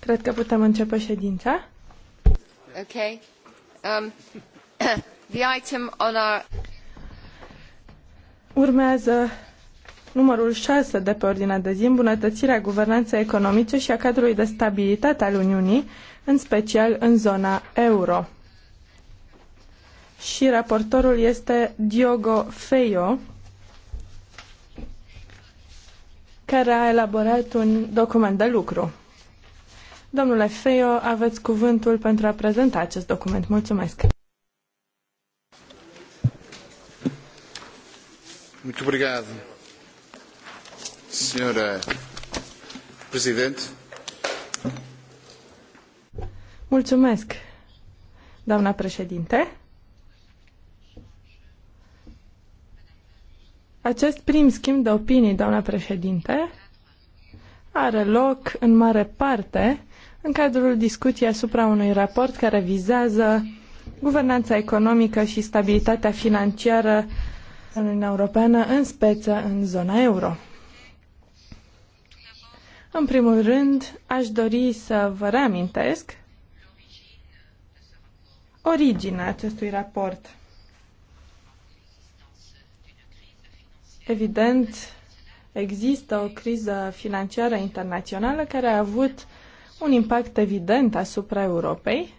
Cred că putem începe ședința. Ok. Um, the item on our... Urmează numărul 6 de pe ordinea de zi, îmbunătățirea guvernanței economice și a cadrului de stabilitate al Uniunii, în special în zona euro. Și raportorul este Diogo Feio, care a elaborat un document de lucru. Domnule Feio, aveți cuvântul pentru a prezenta acest document. Mulțumesc! Muito obrigado, Senhora Presidente. Mulțumesc, doamna președinte. Acest prim schimb de opinii, doamna președinte, are loc în mare parte în cadrul discuției asupra unui raport care vizează guvernanța economică și stabilitatea financiară în Uniunea Europeană, în speță în zona euro. În primul rând, aș dori să vă reamintesc originea acestui raport. Evident, există o criză financiară internațională care a avut un impact evident asupra Europei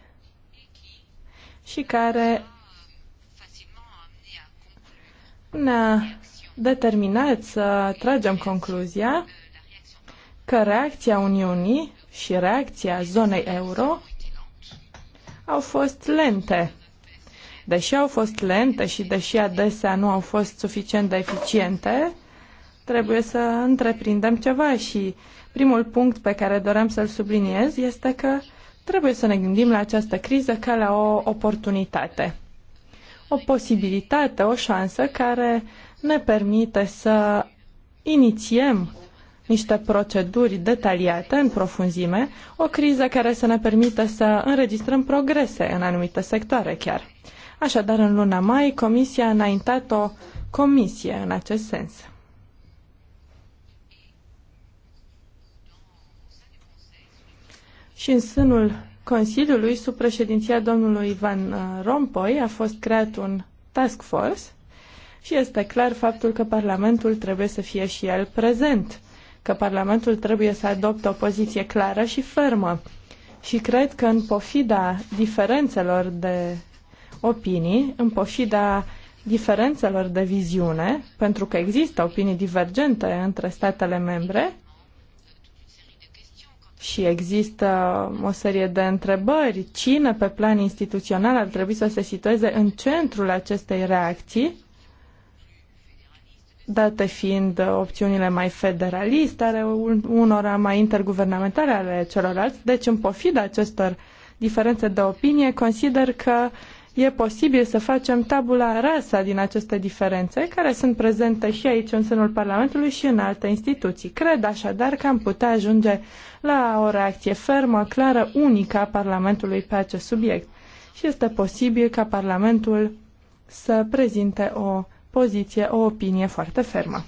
și care ne-a determinat să tragem concluzia că reacția Uniunii și reacția zonei euro au fost lente. Deși au fost lente și deși adesea nu au fost suficient de eficiente, trebuie să întreprindem ceva și Primul punct pe care doream să-l subliniez este că trebuie să ne gândim la această criză ca la o oportunitate. O posibilitate, o șansă care ne permite să inițiem niște proceduri detaliate în profunzime, o criză care să ne permită să înregistrăm progrese în anumite sectoare chiar. Așadar, în luna mai, Comisia a înaintat o comisie în acest sens. și în sânul Consiliului, sub președinția domnului Ivan uh, Rompoi, a fost creat un task force și este clar faptul că Parlamentul trebuie să fie și el prezent, că Parlamentul trebuie să adopte o poziție clară și fermă. Și cred că în pofida diferențelor de opinii, în pofida diferențelor de viziune, pentru că există opinii divergente între statele membre, și există o serie de întrebări. Cine pe plan instituțional ar trebui să se situeze în centrul acestei reacții, date fiind opțiunile mai federaliste ale unora, mai interguvernamentale ale celorlalți. Deci, în pofida acestor diferențe de opinie, consider că e posibil să facem tabula rasa din aceste diferențe, care sunt prezente și aici în sânul Parlamentului și în alte instituții. Cred așadar că am putea ajunge la o reacție fermă, clară, unică a Parlamentului pe acest subiect. Și este posibil ca Parlamentul să prezinte o poziție, o opinie foarte fermă.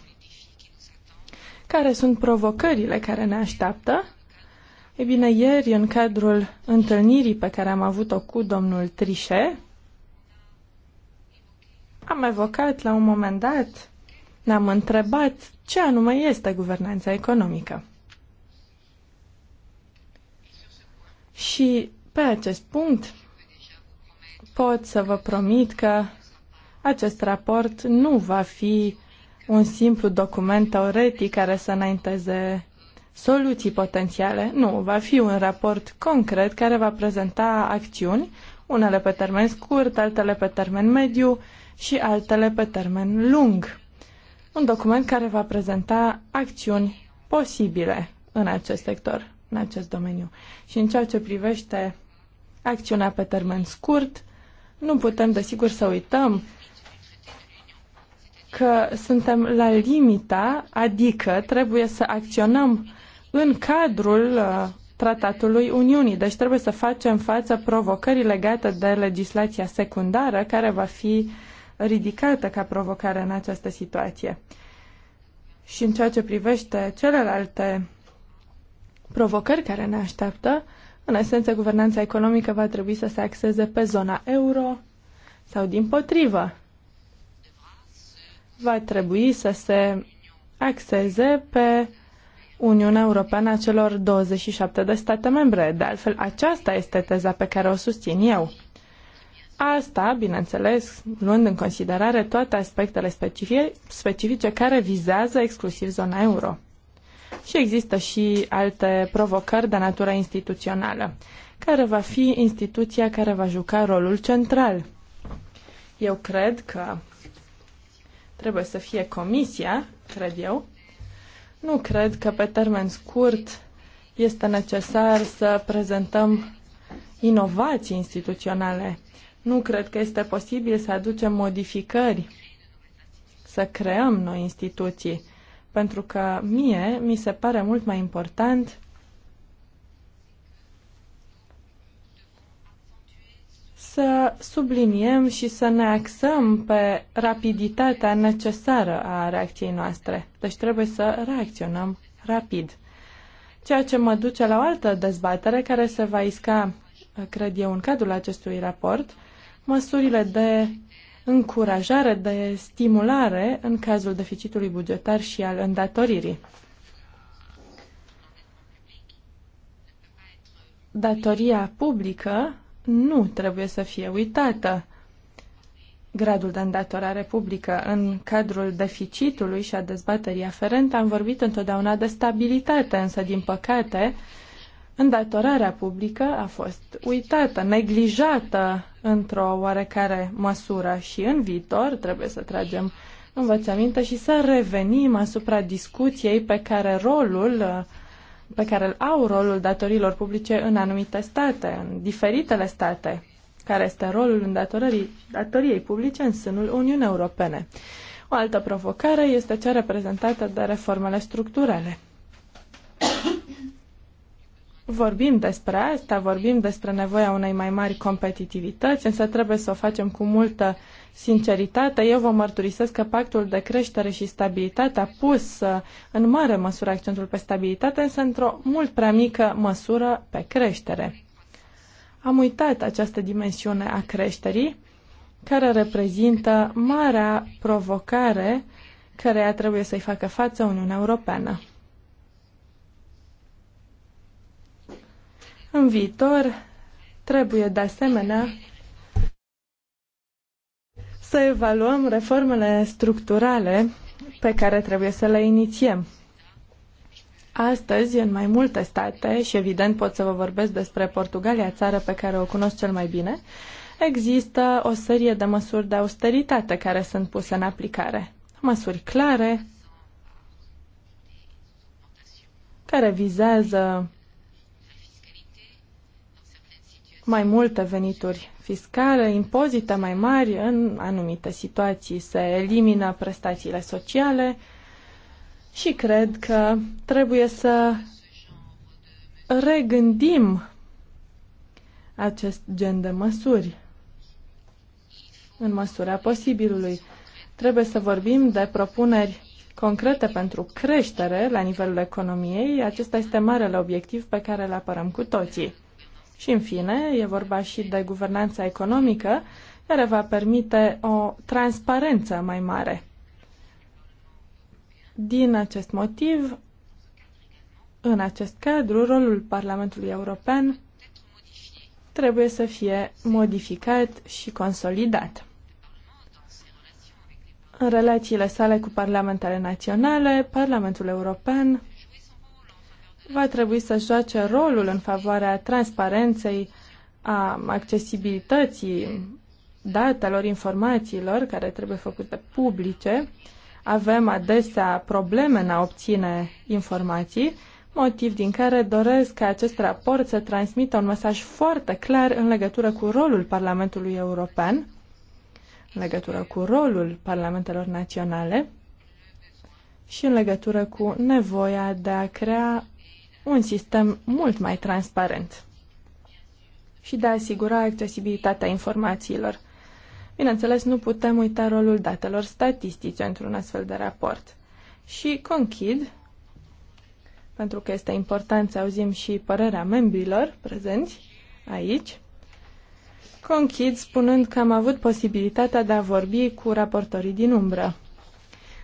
Care sunt provocările care ne așteaptă? Ei bine, ieri, în cadrul întâlnirii pe care am avut-o cu domnul Trișe, am evocat la un moment dat, ne-am întrebat ce anume este guvernanța economică. Și pe acest punct pot să vă promit că acest raport nu va fi un simplu document teoretic care să înainteze soluții potențiale. Nu, va fi un raport concret care va prezenta acțiuni, unele pe termen scurt, altele pe termen mediu și altele pe termen lung. Un document care va prezenta acțiuni posibile în acest sector, în acest domeniu. Și în ceea ce privește acțiunea pe termen scurt, nu putem, desigur, să uităm că suntem la limita, adică trebuie să acționăm în cadrul uh, Tratatului Uniunii. Deci trebuie să facem față provocării legate de legislația secundară care va fi uh, ridicată ca provocare în această situație. Și în ceea ce privește celelalte provocări care ne așteaptă, în esență, guvernanța economică va trebui să se axeze pe zona euro sau din potrivă. Va trebui să se axeze pe Uniunea Europeană a celor 27 de state membre. De altfel, aceasta este teza pe care o susțin eu. Asta, bineînțeles, luând în considerare toate aspectele specifice, specifice care vizează exclusiv zona euro. Și există și alte provocări de natură instituțională. Care va fi instituția care va juca rolul central? Eu cred că trebuie să fie comisia, cred eu. Nu cred că pe termen scurt este necesar să prezentăm inovații instituționale. Nu cred că este posibil să aducem modificări, să creăm noi instituții, pentru că mie mi se pare mult mai important să subliniem și să ne axăm pe rapiditatea necesară a reacției noastre. Deci trebuie să reacționăm rapid. Ceea ce mă duce la o altă dezbatere care se va isca, cred eu, în cadrul acestui raport, măsurile de încurajare, de stimulare în cazul deficitului bugetar și al îndatoririi. Datoria publică nu trebuie să fie uitată. Gradul de îndatorare publică în cadrul deficitului și a dezbaterii aferente am vorbit întotdeauna de stabilitate, însă, din păcate, Îndatorarea publică a fost uitată, neglijată într-o oarecare măsură și în viitor trebuie să tragem învățăminte și să revenim asupra discuției pe care rolul pe care îl au rolul datorilor publice în anumite state, în diferitele state, care este rolul îndatorării datoriei publice în sânul Uniunii Europene. O altă provocare este cea reprezentată de reformele structurale vorbim despre asta, vorbim despre nevoia unei mai mari competitivități, însă trebuie să o facem cu multă sinceritate. Eu vă mărturisesc că pactul de creștere și stabilitate a pus uh, în mare măsură accentul pe stabilitate, însă într-o mult prea mică măsură pe creștere. Am uitat această dimensiune a creșterii, care reprezintă marea provocare care trebuie să-i facă față Uniunea Europeană. În viitor, trebuie de asemenea să evaluăm reformele structurale pe care trebuie să le inițiem. Astăzi, în mai multe state, și evident pot să vă vorbesc despre Portugalia, țară pe care o cunosc cel mai bine, există o serie de măsuri de austeritate care sunt puse în aplicare. Măsuri clare care vizează mai multe venituri fiscale, impozite mai mari în anumite situații, se elimină prestațiile sociale și cred că trebuie să regândim acest gen de măsuri în măsura posibilului. Trebuie să vorbim de propuneri concrete pentru creștere la nivelul economiei. Acesta este marele obiectiv pe care îl apărăm cu toții. Și, în fine, e vorba și de guvernanța economică, care va permite o transparență mai mare. Din acest motiv, în acest cadru, rolul Parlamentului European trebuie să fie modificat și consolidat. În relațiile sale cu parlamentele naționale, Parlamentul European va trebui să joace rolul în favoarea transparenței, a accesibilității datelor, informațiilor care trebuie făcute publice. Avem adesea probleme în a obține informații, motiv din care doresc ca acest raport să transmită un mesaj foarte clar în legătură cu rolul Parlamentului European, în legătură cu rolul Parlamentelor Naționale și în legătură cu nevoia de a crea un sistem mult mai transparent și de a asigura accesibilitatea informațiilor. Bineînțeles, nu putem uita rolul datelor statistice într-un astfel de raport. Și conchid, pentru că este important să auzim și părerea membrilor prezenți aici, conchid spunând că am avut posibilitatea de a vorbi cu raportorii din umbră.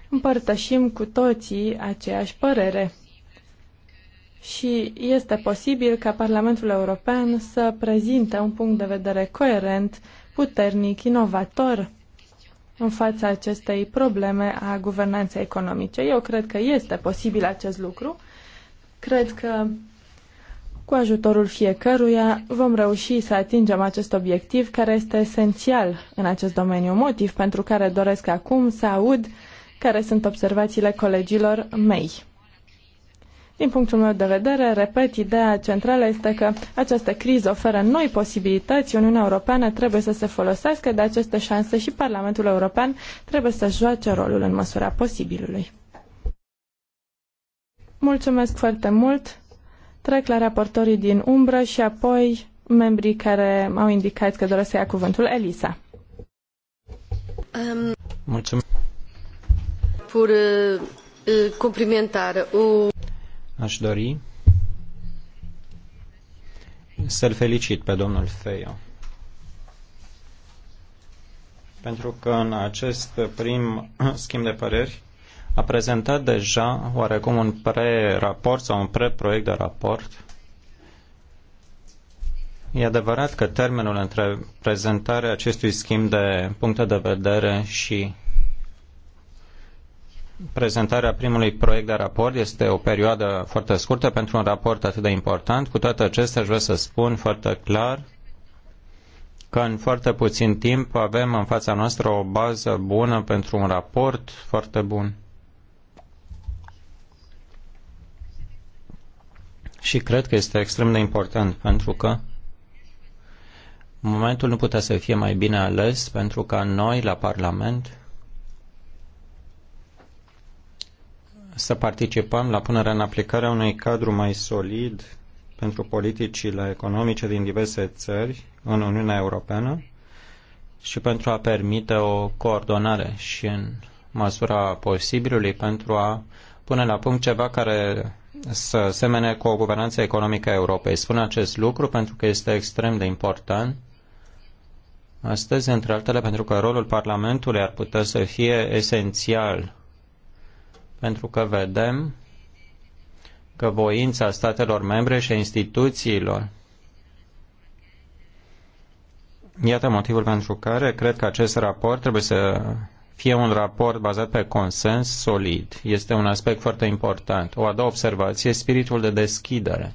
Împărtășim cu toții aceeași părere – și este posibil ca Parlamentul European să prezinte un punct de vedere coerent, puternic, inovator în fața acestei probleme a guvernanței economice. Eu cred că este posibil acest lucru. Cred că cu ajutorul fiecăruia vom reuși să atingem acest obiectiv care este esențial în acest domeniu, motiv pentru care doresc acum să aud care sunt observațiile colegilor mei. Din punctul meu de vedere, repet, ideea centrală este că această criză oferă noi posibilități, Uniunea Europeană trebuie să se folosească de aceste șanse și Parlamentul European trebuie să joace rolul în măsura posibilului. Mulțumesc foarte mult! Trec la raportorii din umbră și apoi membrii care m-au indicat că doresc să ia cuvântul. Elisa. Um, Mulțumesc. Pur uh, uh cumplimentar Aș dori să-l felicit pe domnul Feio. Pentru că în acest prim schimb de păreri a prezentat deja oarecum un pre-raport sau un pre-proiect de raport. E adevărat că termenul între prezentarea acestui schimb de puncte de vedere și prezentarea primului proiect de raport este o perioadă foarte scurtă pentru un raport atât de important. Cu toate acestea, aș vrea să spun foarte clar că în foarte puțin timp avem în fața noastră o bază bună pentru un raport foarte bun. Și cred că este extrem de important pentru că momentul nu putea să fie mai bine ales pentru ca noi la Parlament să participăm la punerea în aplicare a unui cadru mai solid pentru politicile economice din diverse țări în Uniunea Europeană și pentru a permite o coordonare și în măsura posibilului pentru a pune la punct ceva care să semene cu o guvernanță economică a Europei. Spun acest lucru pentru că este extrem de important astăzi, între altele, pentru că rolul Parlamentului ar putea să fie esențial pentru că vedem că voința statelor membre și a instituțiilor Iată motivul pentru care cred că acest raport trebuie să fie un raport bazat pe consens solid. Este un aspect foarte important. O a doua observație, spiritul de deschidere.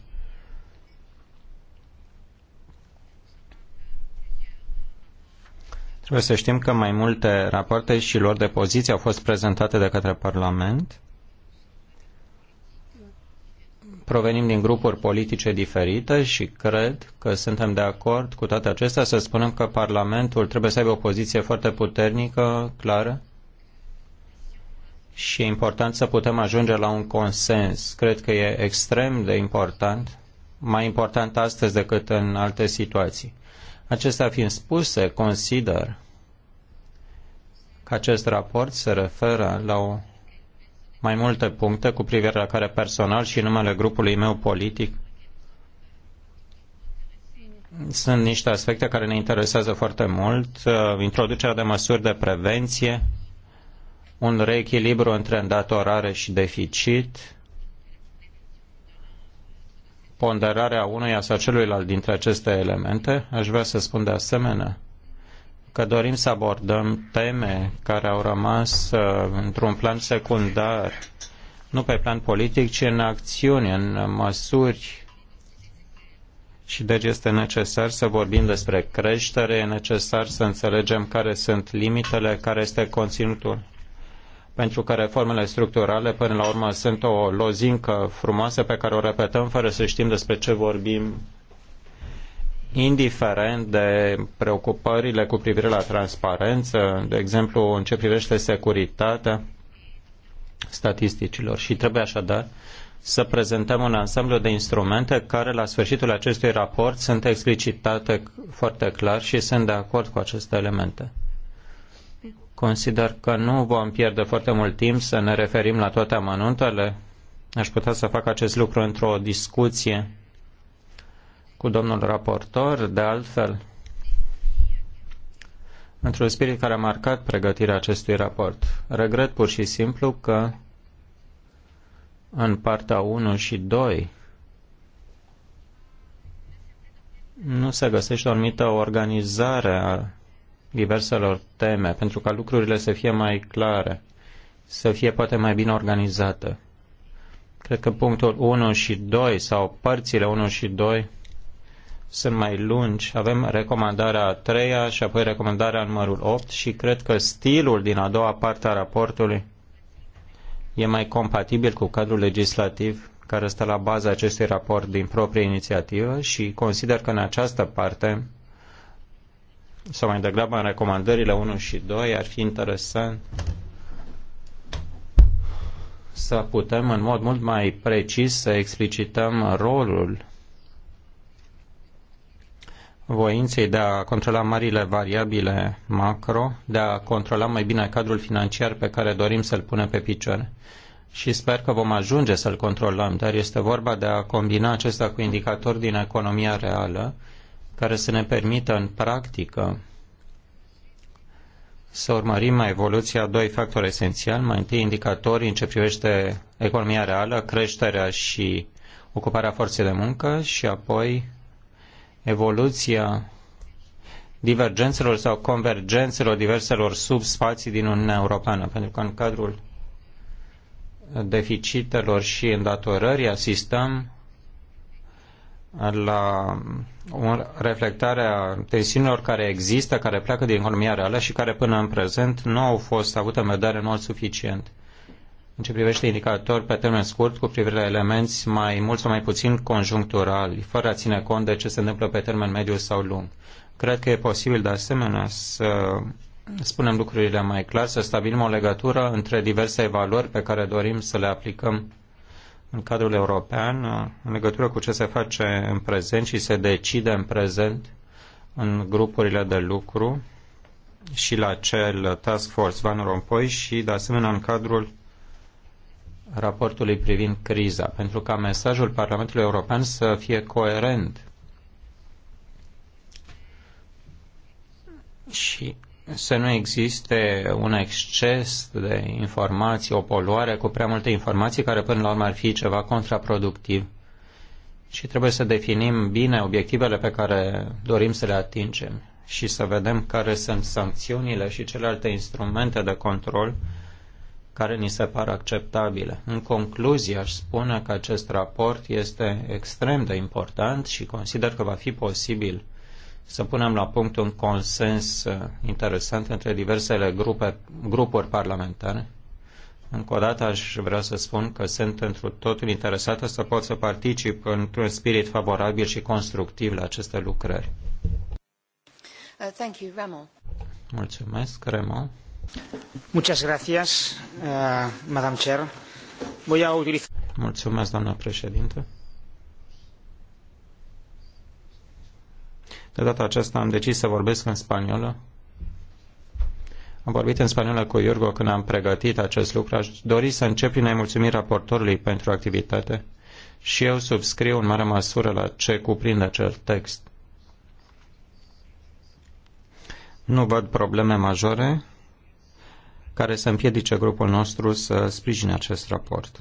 Trebuie să știm că mai multe rapoarte și lor de poziție au fost prezentate de către Parlament. Provenim din grupuri politice diferite și cred că suntem de acord cu toate acestea să spunem că Parlamentul trebuie să aibă o poziție foarte puternică, clară și e important să putem ajunge la un consens. Cred că e extrem de important, mai important astăzi decât în alte situații. Acestea fiind spuse, consider că acest raport se referă la o mai multe puncte cu privire la care personal și numele grupului meu politic sunt niște aspecte care ne interesează foarte mult. Uh, introducerea de măsuri de prevenție, un reechilibru între îndatorare și deficit, ponderarea unuia sau celuilalt dintre aceste elemente, aș vrea să spun de asemenea că dorim să abordăm teme care au rămas uh, într-un plan secundar, nu pe plan politic, ci în acțiuni, în măsuri. Și deci este necesar să vorbim despre creștere, e necesar să înțelegem care sunt limitele, care este conținutul pentru că reformele structurale, până la urmă, sunt o lozincă frumoasă pe care o repetăm fără să știm despre ce vorbim, indiferent de preocupările cu privire la transparență, de exemplu, în ce privește securitatea statisticilor. Și trebuie așadar să prezentăm un ansamblu de instrumente care la sfârșitul acestui raport sunt explicitate foarte clar și sunt de acord cu aceste elemente. Consider că nu vom pierde foarte mult timp să ne referim la toate amănuntele. Aș putea să fac acest lucru într-o discuție cu domnul raportor, de altfel, într-un spirit care a marcat pregătirea acestui raport. Regret pur și simplu că în partea 1 și 2 nu se găsește o anumită organizare a diverselor teme, pentru ca lucrurile să fie mai clare, să fie poate mai bine organizate. Cred că punctul 1 și 2 sau părțile 1 și 2 sunt mai lungi. Avem recomandarea a treia și apoi recomandarea numărul 8 și cred că stilul din a doua parte a raportului e mai compatibil cu cadrul legislativ care stă la baza acestui raport din proprie inițiativă și consider că în această parte sau mai degrabă în recomandările 1 și 2, ar fi interesant să putem în mod mult mai precis să explicităm rolul voinței de a controla marile variabile macro, de a controla mai bine cadrul financiar pe care dorim să-l punem pe picioare. Și sper că vom ajunge să-l controlăm, dar este vorba de a combina acesta cu indicatori din economia reală, care să ne permită în practică să urmărim evoluția a doi factori esențiali. Mai întâi, indicatorii în ce privește economia reală, creșterea și ocuparea forței de muncă și apoi evoluția divergențelor sau convergențelor diverselor subspații din Uniunea Europeană, pentru că în cadrul deficitelor și îndatorării asistăm la o reflectare a tensiunilor care există, care pleacă din economia reală și care până în prezent nu au fost avute în vedere în mod suficient. În ce privește indicatori pe termen scurt cu privire la elemenți mai mult sau mai puțin conjuncturali, fără a ține cont de ce se întâmplă pe termen mediu sau lung. Cred că e posibil de asemenea să spunem lucrurile mai clar, să stabilim o legătură între diverse valori pe care dorim să le aplicăm în cadrul european în legătură cu ce se face în prezent și se decide în prezent în grupurile de lucru și la cel Task Force Van Rompuy și, de asemenea, în cadrul raportului privind criza, pentru ca mesajul Parlamentului European să fie coerent și să nu existe un exces de informații, o poluare cu prea multe informații care până la urmă ar fi ceva contraproductiv. Și trebuie să definim bine obiectivele pe care dorim să le atingem și să vedem care sunt sancțiunile și celelalte instrumente de control care ni se par acceptabile. În concluzie, aș spune că acest raport este extrem de important și consider că va fi posibil să punem la punct un consens uh, interesant între diversele grupe, grupuri parlamentare. Încă o dată aș vrea să spun că sunt într totul interesată să pot să particip într-un spirit favorabil și constructiv la aceste lucrări. Uh, thank you, Ramon. Mulțumesc, Remo. Muchas gracias, uh, Madam Chair. Voy a utilizar... Mulțumesc, doamna președinte. De data aceasta am decis să vorbesc în spaniolă. Am vorbit în spaniolă cu Iurgo când am pregătit acest lucru. Aș dori să încep prin a-i mulțumi raportorului pentru activitate și eu subscriu în mare măsură la ce cuprinde acel text. Nu văd probleme majore care să împiedice grupul nostru să sprijine acest raport.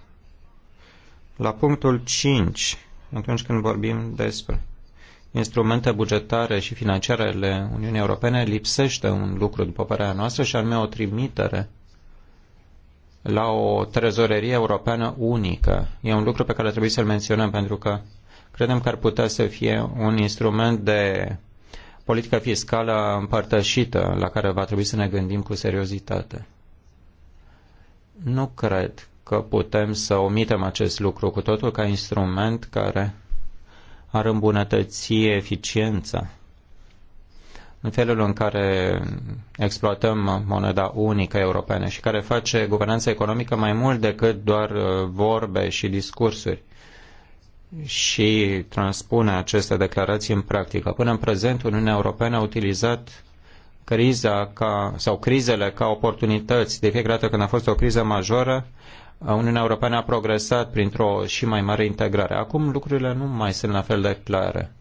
La punctul 5, atunci când vorbim despre instrumente bugetare și financiare ale Uniunii Europene lipsește un lucru, după părerea noastră, și anume o trimitere la o trezorerie europeană unică. E un lucru pe care trebuie să-l menționăm pentru că credem că ar putea să fie un instrument de politică fiscală împărtășită la care va trebui să ne gândim cu seriozitate. Nu cred că putem să omitem acest lucru cu totul ca instrument care ar îmbunătăți eficiența. În felul în care exploatăm moneda unică europeană și care face guvernanța economică mai mult decât doar uh, vorbe și discursuri și transpune aceste declarații în practică. Până în prezent, Uniunea Europeană a utilizat criza ca, sau crizele ca oportunități. De fiecare dată când a fost o criză majoră, Uniunea Europeană a progresat printr-o și mai mare integrare. Acum lucrurile nu mai sunt la fel de clare.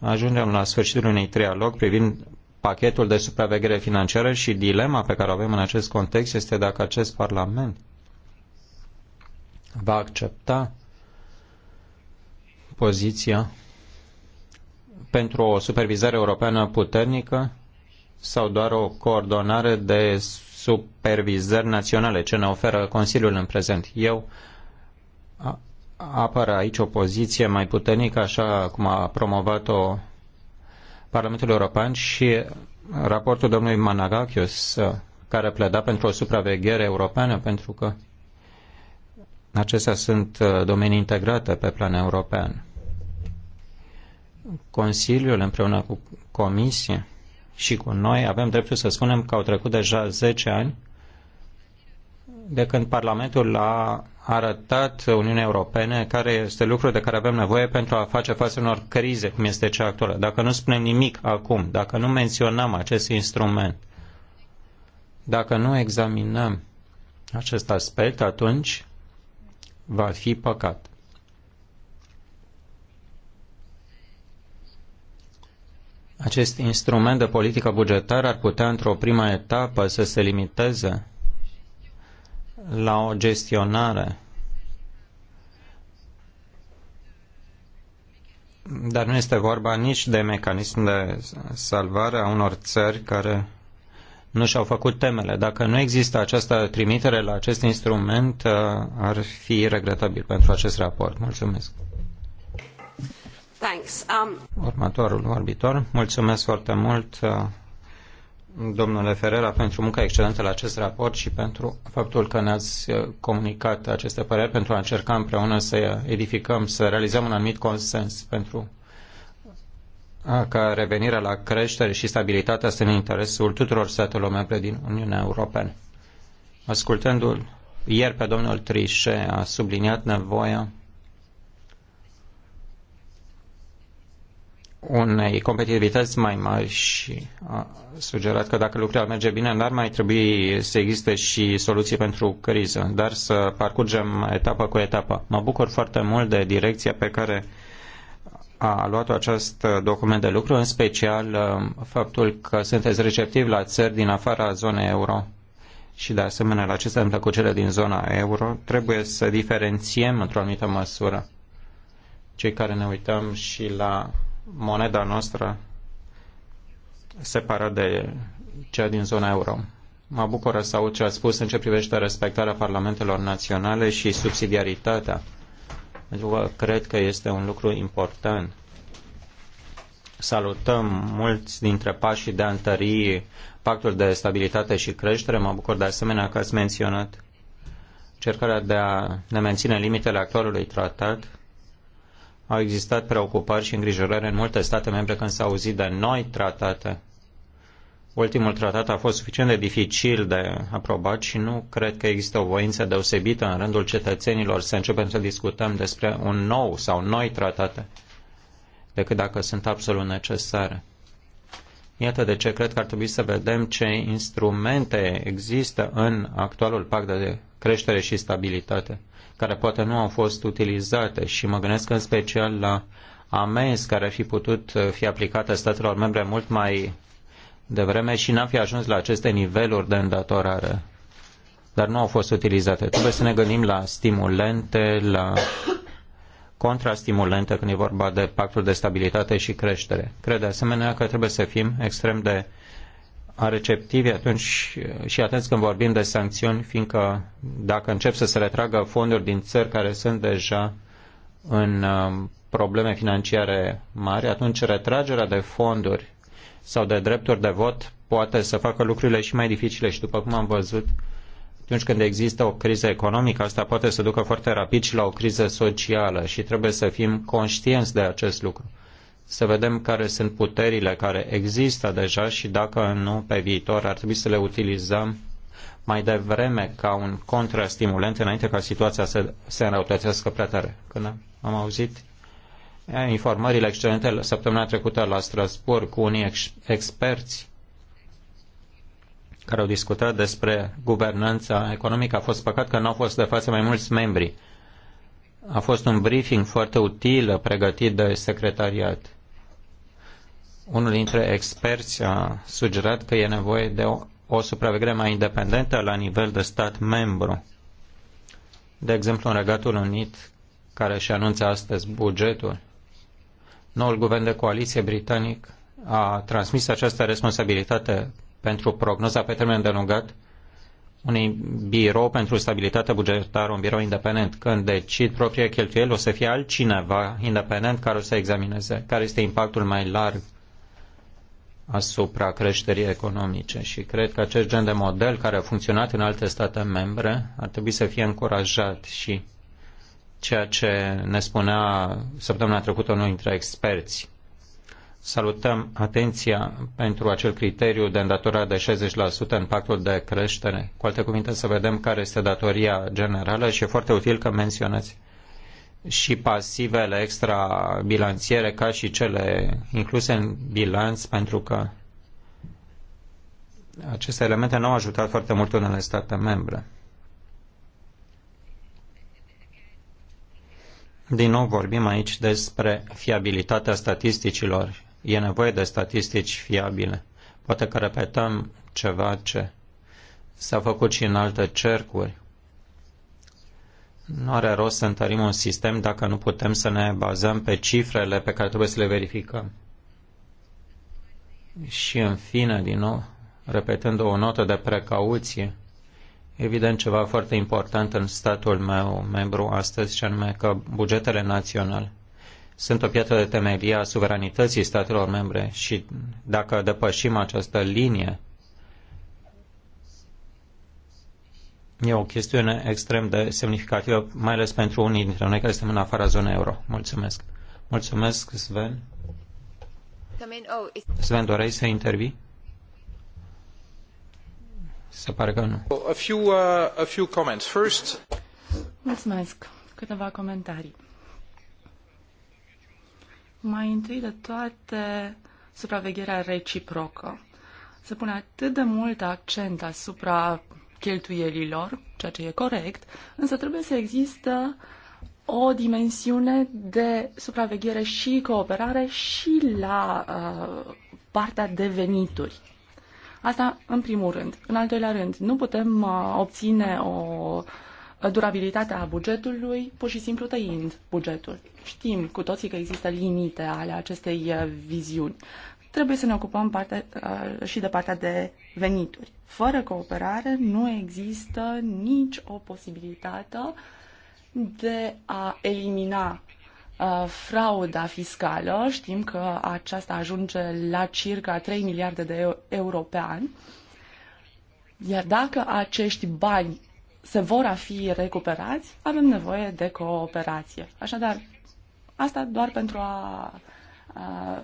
Ajungem la sfârșitul unui trialog privind pachetul de supraveghere financiară și dilema pe care o avem în acest context este dacă acest Parlament va accepta poziția pentru o supervizare europeană puternică sau doar o coordonare de supervizări naționale, ce ne oferă Consiliul în prezent. Eu apăr aici o poziție mai puternică, așa cum a promovat-o Parlamentul European și raportul domnului Managachius, care pleda pentru o supraveghere europeană, pentru că acestea sunt uh, domenii integrate pe plan european. Consiliul împreună cu Comisia și cu noi avem dreptul să spunem că au trecut deja 10 ani de când Parlamentul a arătat Uniunea Europene care este lucru de care avem nevoie pentru a face față unor crize, cum este cea actuală. Dacă nu spunem nimic acum, dacă nu menționăm acest instrument, dacă nu examinăm acest aspect, atunci va fi păcat. Acest instrument de politică bugetară ar putea, într-o prima etapă, să se limiteze la o gestionare Dar nu este vorba nici de mecanism de salvare a unor țări care nu și-au făcut temele. Dacă nu există această trimitere la acest instrument, uh, ar fi regretabil pentru acest raport. Mulțumesc. Thanks. Um... Următorul vorbitor. Mulțumesc foarte mult, uh, domnule Ferrera, pentru munca excelentă la acest raport și pentru faptul că ne-ați uh, comunicat aceste păreri pentru a încerca împreună să edificăm, să realizăm un anumit consens pentru ca revenirea la creștere și stabilitatea să în interesul tuturor statelor membre din Uniunea Europeană. Ascultându-l ieri pe domnul Trișe, a subliniat nevoia unei competitivități mai mari și a sugerat că dacă lucrurile ar merge bine, n-ar mai trebui să existe și soluții pentru criză, dar să parcurgem etapă cu etapă. Mă bucur foarte mult de direcția pe care a luat acest document de lucru, în special uh, faptul că sunteți receptivi la țări din afara zonei euro și de asemenea la ce se întâmplă cu cele din zona euro, trebuie să diferențiem într-o anumită măsură cei care ne uităm și la moneda noastră separat de cea din zona euro. Mă bucură să aud ce a spus în ce privește respectarea parlamentelor naționale și subsidiaritatea, pentru că cred că este un lucru important. Salutăm mulți dintre pașii de a întări pactul de stabilitate și creștere. Mă bucur de asemenea că ați menționat cercarea de a ne menține limitele actualului tratat au existat preocupări și îngrijorări în multe state membre când s-au auzit de noi tratate. Ultimul tratat a fost suficient de dificil de aprobat și nu cred că există o voință deosebită în rândul cetățenilor să începem să discutăm despre un nou sau noi tratate decât dacă sunt absolut necesare. Iată de ce cred că ar trebui să vedem ce instrumente există în actualul pact de creștere și stabilitate care poate nu au fost utilizate și mă gândesc în special la amenzi care ar fi putut uh, fi aplicate statelor membre mult mai devreme și n-am fi ajuns la aceste niveluri de îndatorare, dar nu au fost utilizate. Trebuie să ne gândim la stimulente, la contrastimulente când e vorba de pactul de stabilitate și creștere. Cred de asemenea că trebuie să fim extrem de receptivi atunci și atenți când vorbim de sancțiuni, fiindcă dacă încep să se retragă fonduri din țări care sunt deja în um, probleme financiare mari, atunci retragerea de fonduri sau de drepturi de vot poate să facă lucrurile și mai dificile și după cum am văzut, atunci când există o criză economică, asta poate să ducă foarte rapid și la o criză socială și trebuie să fim conștienți de acest lucru să vedem care sunt puterile care există deja și dacă nu pe viitor ar trebui să le utilizăm mai devreme ca un contrastimulant înainte ca situația să se înrăutățească prea tare. Când am auzit informările excelente săptămâna trecută la Strasbourg cu unii ex- experți care au discutat despre guvernanța economică, a fost păcat că n-au fost de față mai mulți membri a fost un briefing foarte util pregătit de secretariat. Unul dintre experți a sugerat că e nevoie de o, o supraveghere mai independentă la nivel de stat membru. De exemplu, în Regatul Unit, care și anunță astăzi bugetul, noul guvern de coaliție britanic a transmis această responsabilitate pentru prognoza pe termen delungat unui birou pentru stabilitatea bugetară, un birou independent. Când decid propriile cheltuieli, o să fie altcineva independent care o să examineze care este impactul mai larg asupra creșterii economice și cred că acest gen de model care a funcționat în alte state membre ar trebui să fie încurajat și ceea ce ne spunea săptămâna trecută unul dintre experți. Salutăm atenția pentru acel criteriu de îndatorare de 60% în pactul de creștere. Cu alte cuvinte, să vedem care este datoria generală și e foarte util că menționați și pasivele extra bilanțiere ca și cele incluse în bilanț pentru că aceste elemente nu au ajutat foarte mult unele state membre. Din nou vorbim aici despre fiabilitatea statisticilor E nevoie de statistici fiabile. Poate că repetăm ceva ce s-a făcut și în alte cercuri. Nu are rost să întărim un sistem dacă nu putem să ne bazăm pe cifrele pe care trebuie să le verificăm. Și în fine, din nou, repetând o notă de precauție, evident ceva foarte important în statul meu membru astăzi, și anume că bugetele naționale sunt o piatră de temelie a suveranității statelor membre și dacă depășim această linie, e o chestiune extrem de semnificativă, mai ales pentru unii dintre noi care suntem în afara zonei euro. Mulțumesc. Mulțumesc, Sven. Sven, doreai să intervii? Se pare că nu. A few, uh, a few comments. First... Mulțumesc. Câteva comentarii. Mai întâi de toate, supravegherea reciprocă. Se pune atât de mult accent asupra cheltuielilor, ceea ce e corect, însă trebuie să există o dimensiune de supraveghere și cooperare și la uh, partea de venituri. Asta în primul rând. În al doilea rând, nu putem uh, obține o uh, durabilitatea bugetului, pur și simplu tăind bugetul. Știm cu toții că există limite ale acestei uh, viziuni. Trebuie să ne ocupăm parte, uh, și de partea de venituri. Fără cooperare nu există nici o posibilitate de a elimina uh, frauda fiscală. Știm că aceasta ajunge la circa 3 miliarde de euro pe an. Iar dacă acești bani se vor a fi recuperați, avem nevoie de cooperație. Așadar, asta doar pentru a, a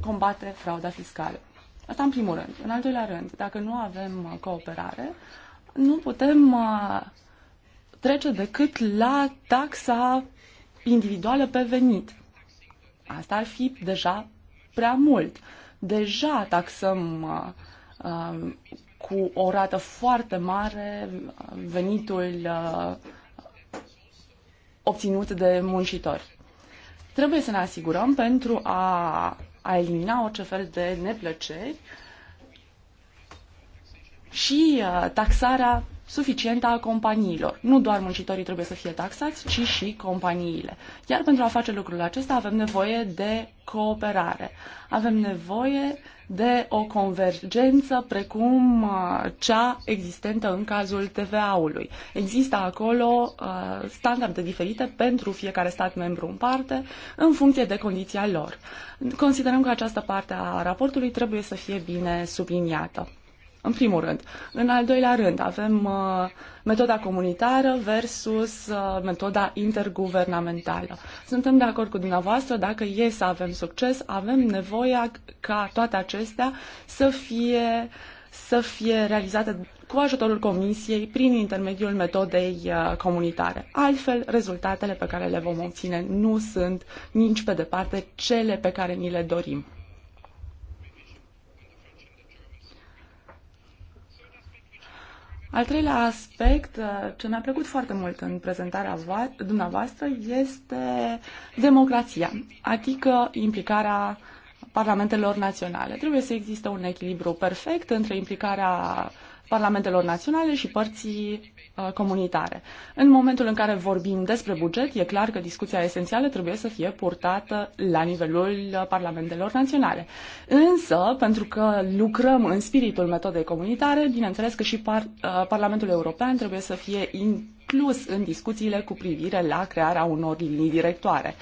combate frauda fiscală. Asta în primul rând. În al doilea rând, dacă nu avem cooperare, nu putem a, trece decât la taxa individuală pe venit. Asta ar fi deja prea mult. Deja taxăm a, cu o rată foarte mare venitul uh, obținut de muncitori. Trebuie să ne asigurăm pentru a, a elimina orice fel de neplăceri și uh, taxarea suficientă a companiilor. Nu doar muncitorii trebuie să fie taxați, ci și companiile. Iar pentru a face lucrul acesta avem nevoie de cooperare. Avem nevoie de o convergență precum uh, cea existentă în cazul TVA-ului. Există acolo uh, standarde diferite pentru fiecare stat membru în parte, în funcție de condiția lor. Considerăm că această parte a raportului trebuie să fie bine subliniată în primul rând. În al doilea rând, avem uh, metoda comunitară versus uh, metoda interguvernamentală. Suntem de acord cu dumneavoastră, dacă e să avem succes, avem nevoia ca toate acestea să fie să fie realizate cu ajutorul Comisiei prin intermediul metodei uh, comunitare. Altfel, rezultatele pe care le vom obține nu sunt nici pe departe cele pe care ni le dorim. Al treilea aspect uh, ce mi-a plăcut foarte mult în prezentarea dumneavoastră este democrația, adică implicarea parlamentelor naționale. Trebuie să existe un echilibru perfect între implicarea parlamentelor naționale și părții uh, comunitare. În momentul în care vorbim despre buget, e clar că discuția esențială trebuie să fie purtată la nivelul uh, parlamentelor naționale. Însă, pentru că lucrăm în spiritul metodei comunitare, bineînțeles că și par, uh, Parlamentul European trebuie să fie inclus în discuțiile cu privire la crearea unor linii directoare.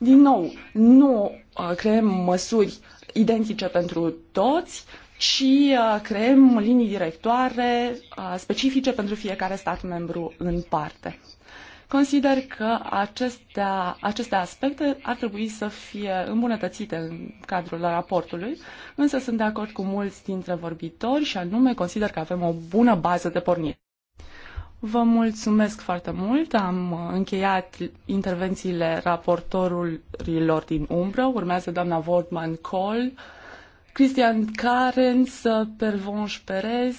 Din nou, nu creăm măsuri identice pentru toți, și uh, creăm linii directoare uh, specifice pentru fiecare stat membru în parte. Consider că acestea, aceste aspecte ar trebui să fie îmbunătățite în cadrul raportului, însă sunt de acord cu mulți dintre vorbitori și anume consider că avem o bună bază de pornire. Vă mulțumesc foarte mult. Am uh, încheiat intervențiile raportorilor din umbră. Urmează doamna Wortman Cole Christian Karens, Pervonș Perez,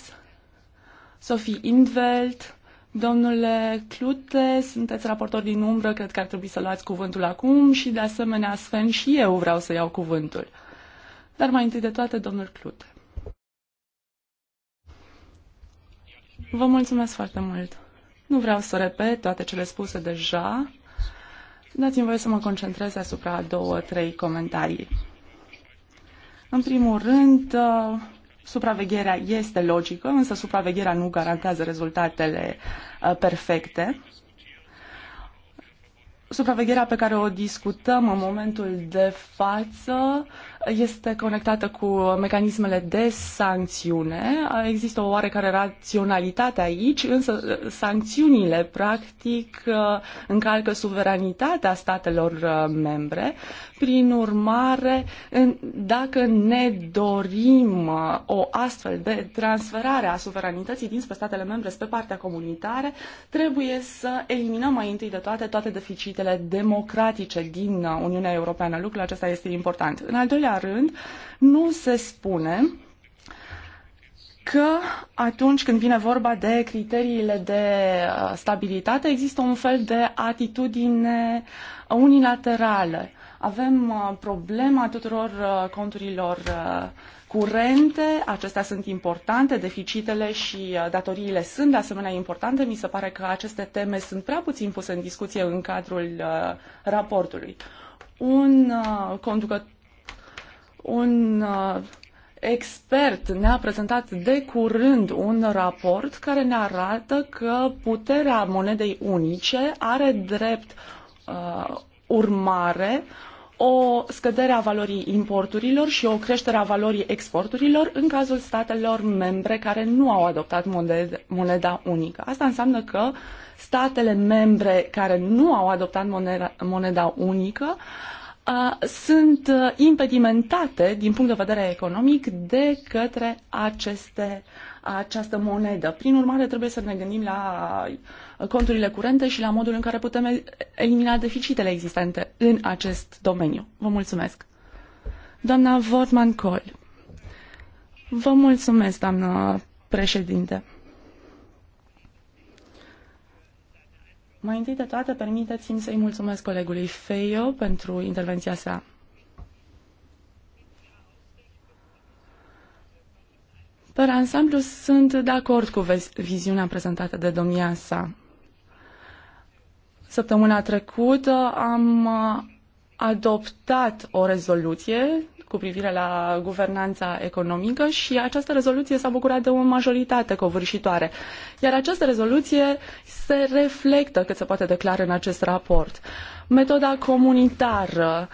Sophie Indveld, Domnule Clute, sunteți raportor din umbră, cred că ar trebui să luați cuvântul acum și, de asemenea, Sven și eu vreau să iau cuvântul. Dar mai întâi de toate, domnul Clute. Vă mulțumesc foarte mult. Nu vreau să repet toate cele spuse deja. Dați-mi voie să mă concentrez asupra două, trei comentarii. În primul rând, uh, supravegherea este logică, însă supravegherea nu garantează rezultatele uh, perfecte. Supravegherea pe care o discutăm în momentul de față uh, este conectată cu mecanismele de sancțiune. Există o oarecare raționalitate aici, însă uh, sancțiunile, practic, uh, încalcă suveranitatea statelor uh, membre. Prin urmare, dacă ne dorim o astfel de transferare a suveranității dinspre statele membre spre partea comunitare, trebuie să eliminăm mai întâi de toate toate deficitele democratice din Uniunea Europeană. Lucrul acesta este important. În al doilea doilea rând, nu se spune că atunci când vine vorba de criteriile de uh, stabilitate, există un fel de atitudine unilaterală. Avem uh, problema tuturor uh, conturilor curente, acestea sunt importante, deficitele și datoriile sunt de asemenea importante. Mi se pare că aceste teme sunt prea puțin puse în discuție în cadrul raportului. Un conducător un uh, expert ne-a prezentat de curând un raport care ne arată că puterea monedei unice are drept uh, urmare o scădere a valorii importurilor și o creștere a valorii exporturilor în cazul statelor membre care nu au adoptat moneda unică. Asta înseamnă că statele membre care nu au adoptat moneda, unică sunt impedimentate din punct de vedere economic de către aceste, această monedă. Prin urmare, trebuie să ne gândim la conturile curente și la modul în care putem elimina deficitele existente în acest domeniu. Vă mulțumesc. Doamna Vortman coll Vă mulțumesc, doamnă președinte. Mai întâi de toate, permiteți-mi să-i mulțumesc colegului Feio pentru intervenția sa. Per ansamblu sunt de acord cu viziunea prezentată de domnia sa. Săptămâna trecută am uh, adoptat o rezoluție cu privire la guvernanța economică și această rezoluție s-a bucurat de o majoritate covârșitoare. Iar această rezoluție se reflectă cât se poate declara în acest raport. Metoda comunitară,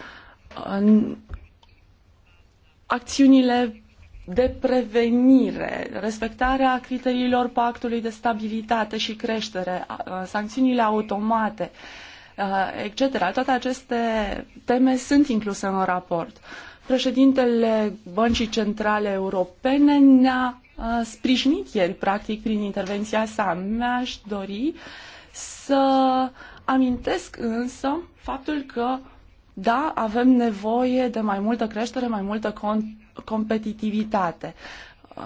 acțiunile de prevenire, respectarea criteriilor pactului de stabilitate și creștere, sancțiunile automate, etc. Toate aceste teme sunt incluse în raport. Președintele Băncii Centrale Europene ne-a sprijinit ieri, practic, prin intervenția sa. Mi-aș dori să amintesc însă faptul că, da, avem nevoie de mai multă creștere, mai multă con- competitivitate.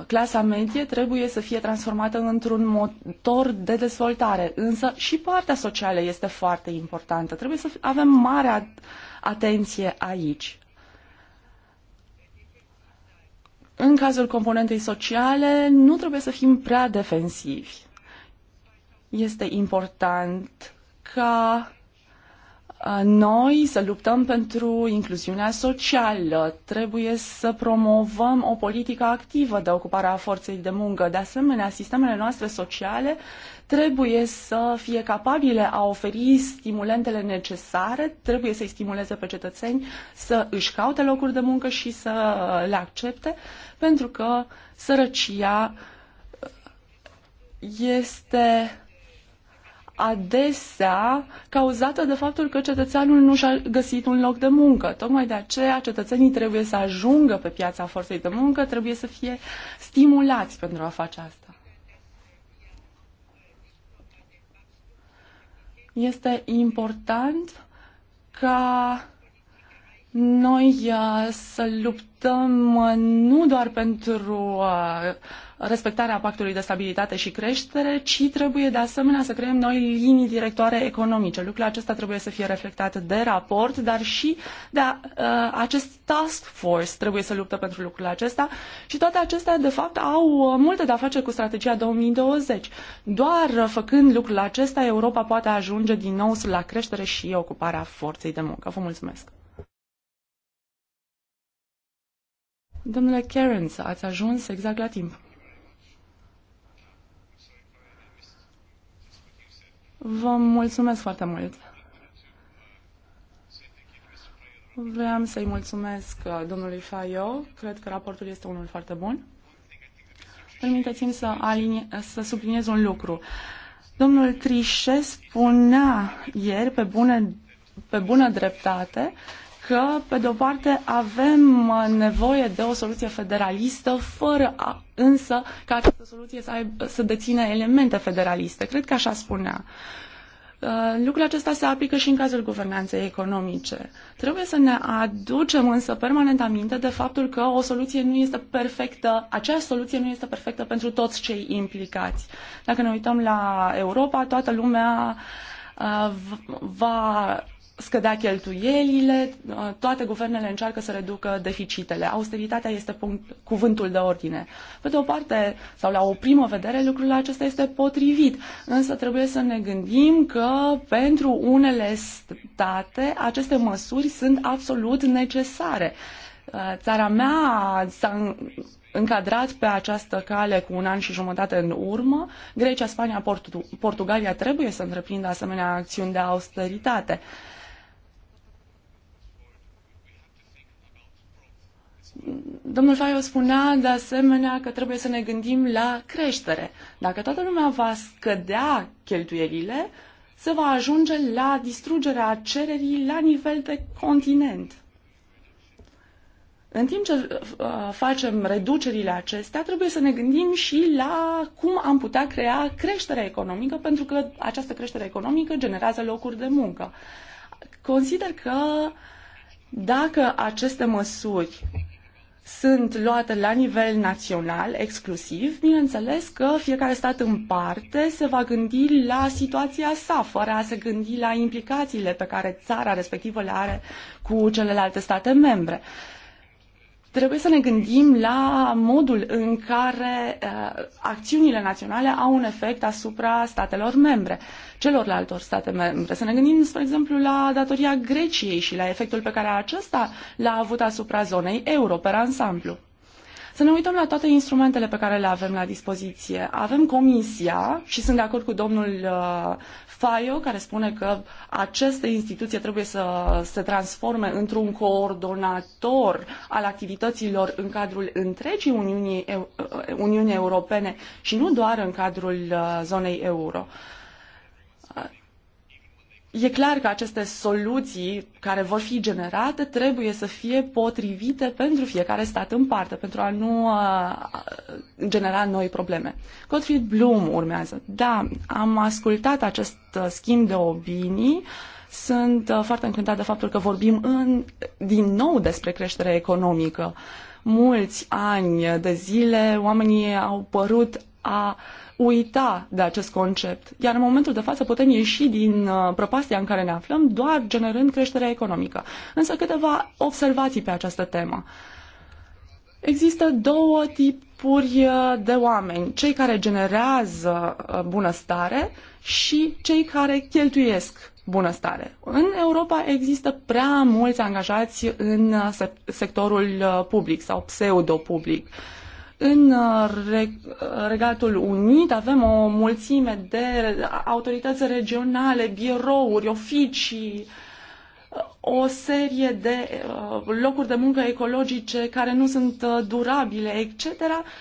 Clasa medie trebuie să fie transformată într-un motor de dezvoltare, însă și partea socială este foarte importantă. Trebuie să avem mare atenție aici. în cazul componentei sociale, nu trebuie să fim prea defensivi. Este important ca noi să luptăm pentru incluziunea socială. Trebuie să promovăm o politică activă de ocupare a forței de muncă. De asemenea, sistemele noastre sociale trebuie să fie capabile a oferi stimulentele necesare, trebuie să-i stimuleze pe cetățeni să își caute locuri de muncă și să le accepte, pentru că sărăcia uh, este adesea cauzată de faptul că cetățeanul nu și-a găsit un loc de muncă. Tocmai de aceea cetățenii trebuie să ajungă pe piața forței de muncă, trebuie să fie stimulați pentru a face asta. Este important ca noi uh, să luptăm uh, nu doar pentru uh, respectarea pactului de stabilitate și creștere, ci trebuie de asemenea să creăm noi linii directoare economice. Lucrul acesta trebuie să fie reflectat de raport, dar și de a, acest task force trebuie să luptă pentru lucrul acesta și toate acestea, de fapt, au multe de a face cu strategia 2020. Doar făcând lucrul acesta, Europa poate ajunge din nou la creștere și ocuparea forței de muncă. Vă mulțumesc! Domnule Kerens, ați ajuns exact la timp. Vă mulțumesc foarte mult. Vreau să-i mulțumesc uh, domnului Fayo. Cred că raportul este unul foarte bun. Permiteți-mi să, alinie, să subliniez un lucru. Domnul Trișe spunea ieri, pe, bune, pe bună dreptate, că, pe de-o parte, avem nevoie de o soluție federalistă, fără a, însă ca această soluție să, aibă, să dețină elemente federaliste. Cred că așa spunea. Uh, lucrul acesta se aplică și în cazul guvernanței economice. Trebuie să ne aducem însă permanent aminte de faptul că o soluție nu este perfectă, acea soluție nu este perfectă pentru toți cei implicați. Dacă ne uităm la Europa, toată lumea uh, va scădea cheltuielile, toate guvernele încearcă să reducă deficitele. Austeritatea este punct, cuvântul de ordine. Pe de o parte, sau la o primă vedere, lucrul acesta este potrivit, însă trebuie să ne gândim că pentru unele state aceste măsuri sunt absolut necesare. Țara mea s-a încadrat pe această cale cu un an și jumătate în urmă. Grecia, Spania, Portu- Portugalia trebuie să întreprindă asemenea acțiuni de austeritate. Uh, Domnul Faio spunea de asemenea că trebuie să ne gândim la creștere. Dacă toată lumea va scădea cheltuielile, se va ajunge la distrugerea cererii la nivel de continent. În timp ce uh, facem reducerile acestea, trebuie să ne gândim și la cum am putea crea creștere economică, pentru că această creștere economică generează locuri de muncă. Consider că dacă aceste măsuri sunt luate la nivel național exclusiv, bineînțeles că fiecare stat în parte se va gândi la situația sa, fără a se gândi la implicațiile pe care țara respectivă le are cu celelalte state membre. Uh, trebuie să ne gândim la modul în care uh, acțiunile naționale au un efect asupra statelor membre, celorlaltor state membre. Să ne gândim, spre exemplu, la datoria Greciei și la efectul pe care acesta l-a avut asupra zonei euro per ansamblu. Să ne uităm la toate instrumentele pe care le avem la dispoziție. Avem comisia și sunt de acord cu domnul uh, FAIO, care spune că această instituție trebuie să se transforme într-un coordonator al activităților în cadrul întregii Uniunii, Europene și nu doar în cadrul uh, zonei euro. Uh, E clar că aceste soluții care vor fi generate trebuie să fie potrivite pentru fiecare stat în parte, pentru a nu uh, genera noi probleme. Gottfried Bloom urmează. Da, am ascultat acest uh, schimb de opinii. Sunt uh, foarte încântat de faptul că vorbim în, din nou despre creștere economică. Mulți ani de zile oamenii au părut a uita de acest concept. Iar în momentul de față putem ieși din uh, prăpastia în care ne aflăm doar generând creșterea economică. Însă câteva observații pe această temă. Există două tipuri uh, de oameni, cei care generează uh, bunăstare și cei care cheltuiesc bunăstare. În Europa există prea mulți angajați în sectorul public sau pseudo-public. Uh, în uh, uh, Regatul Unit avem o mulțime de autorități regionale, birouri, oficii, uh, o serie de locuri de muncă ecologice care nu sunt durabile, etc.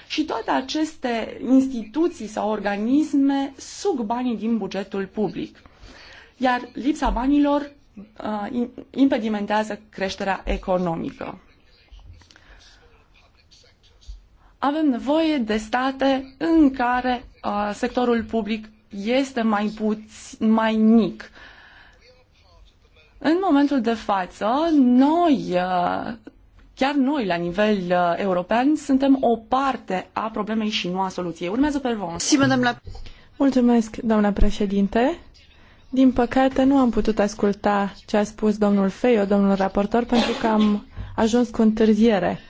Și toate aceste instituții sau organisme sug banii din bugetul public. Iar lipsa banilor impedimentează creșterea economică. avem nevoie de state în care uh, sectorul public este mai, puț- mai mic. În momentul de față, noi, uh, chiar noi, la nivel uh, european, suntem o parte a problemei și nu a soluției. Urmează pe Ron. Mulțumesc, doamna președinte. Din păcate, nu am putut asculta ce a spus domnul Feio, domnul raportor, pentru că am ajuns cu întârziere.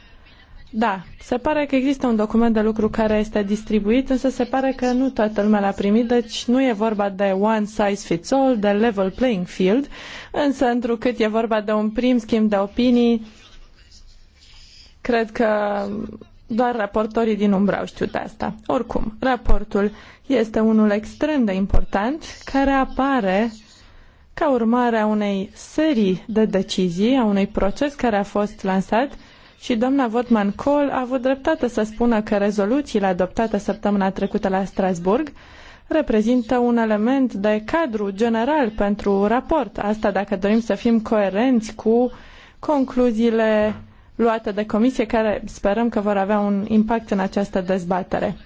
Da, se pare că există un document de lucru care este distribuit, însă se pare că nu toată lumea l-a primit, deci nu e vorba de one size fits all, de level playing field, însă întrucât e vorba de un prim schimb de opinii, cred că doar raportorii din umbră au știut asta. Oricum, raportul este unul extrem de important care apare ca urmare a unei serii de decizii, a unui proces care a fost lansat și doamna Votman Kohl a avut dreptate să spună că rezoluțiile adoptate săptămâna trecută la Strasburg reprezintă un element de cadru general pentru raport. Asta dacă dorim să fim coerenți cu concluziile luate de comisie, care sperăm că vor avea un impact în această dezbatere.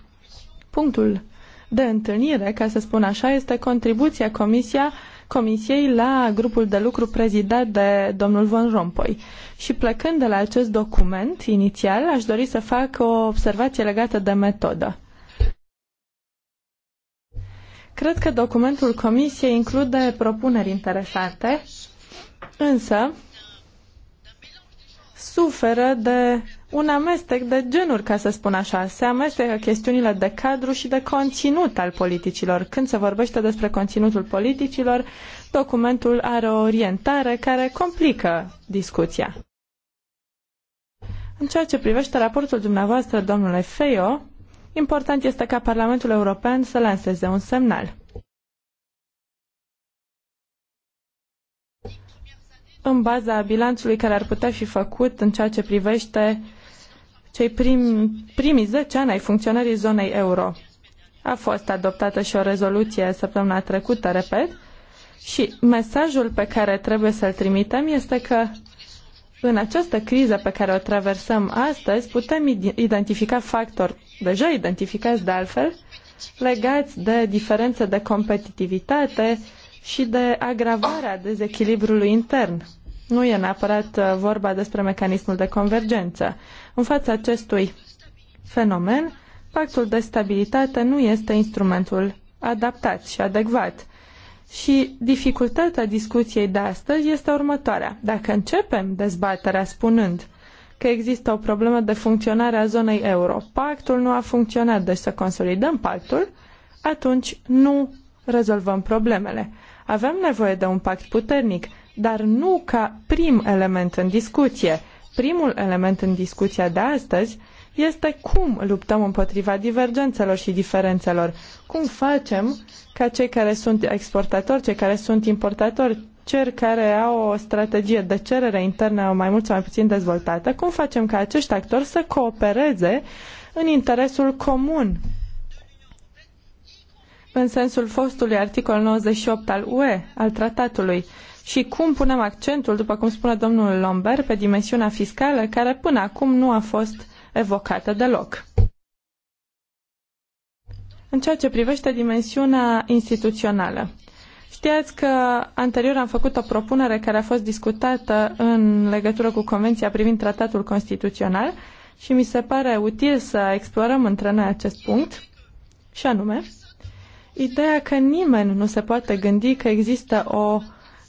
Punctul de întâlnire, ca să spun așa, este contribuția comisia Comisiei la grupul de lucru prezidat de domnul Van Rompuy. Și plecând de la acest document inițial, aș dori să fac o observație legată de metodă. Cred că documentul Comisiei include propuneri interesante, însă suferă de un amestec de genuri, ca să spun așa. Se amestecă chestiunile de cadru și de conținut al politicilor. Când se vorbește despre conținutul politicilor, documentul are o orientare care complică discuția. În ceea ce privește raportul dumneavoastră, domnule Feio, important este ca Parlamentul European să lanseze un semnal. în baza bilanțului care ar putea fi făcut în ceea ce privește cei prim, primii 10 ani ai funcționării zonei euro. A fost adoptată și o rezoluție săptămâna trecută, repet, și mesajul pe care trebuie să-l trimitem este că în această criză pe care o traversăm astăzi putem identifica factori, deja identificați de altfel, legați de diferențe de competitivitate și de agravarea dezechilibrului intern. Nu e neapărat uh, vorba despre mecanismul de convergență. În fața acestui fenomen, pactul de stabilitate nu este instrumentul adaptat și adecvat. Și dificultatea discuției de astăzi este următoarea. Dacă începem dezbaterea spunând că există o problemă de funcționare a zonei euro, pactul nu a funcționat, deci să consolidăm pactul, atunci nu rezolvăm problemele. Avem nevoie de un pact puternic, dar nu ca prim element în discuție primul element în discuția de astăzi este cum luptăm împotriva divergențelor și diferențelor. Cum facem ca cei care sunt exportatori, cei care sunt importatori, cei care au o strategie de cerere internă mai mult sau mai puțin dezvoltată, cum facem ca acești actori să coopereze în interesul comun în sensul fostului articol 98 al UE, al tratatului, și cum punem accentul, după cum spune domnul Lomber, pe dimensiunea fiscală care până acum nu a fost evocată deloc. În ceea ce privește dimensiunea instituțională, Știați că anterior am făcut o propunere care a fost discutată în legătură cu Convenția privind tratatul constituțional și mi se pare util să explorăm între noi acest punct, și anume, ideea că nimeni nu se poate gândi că există o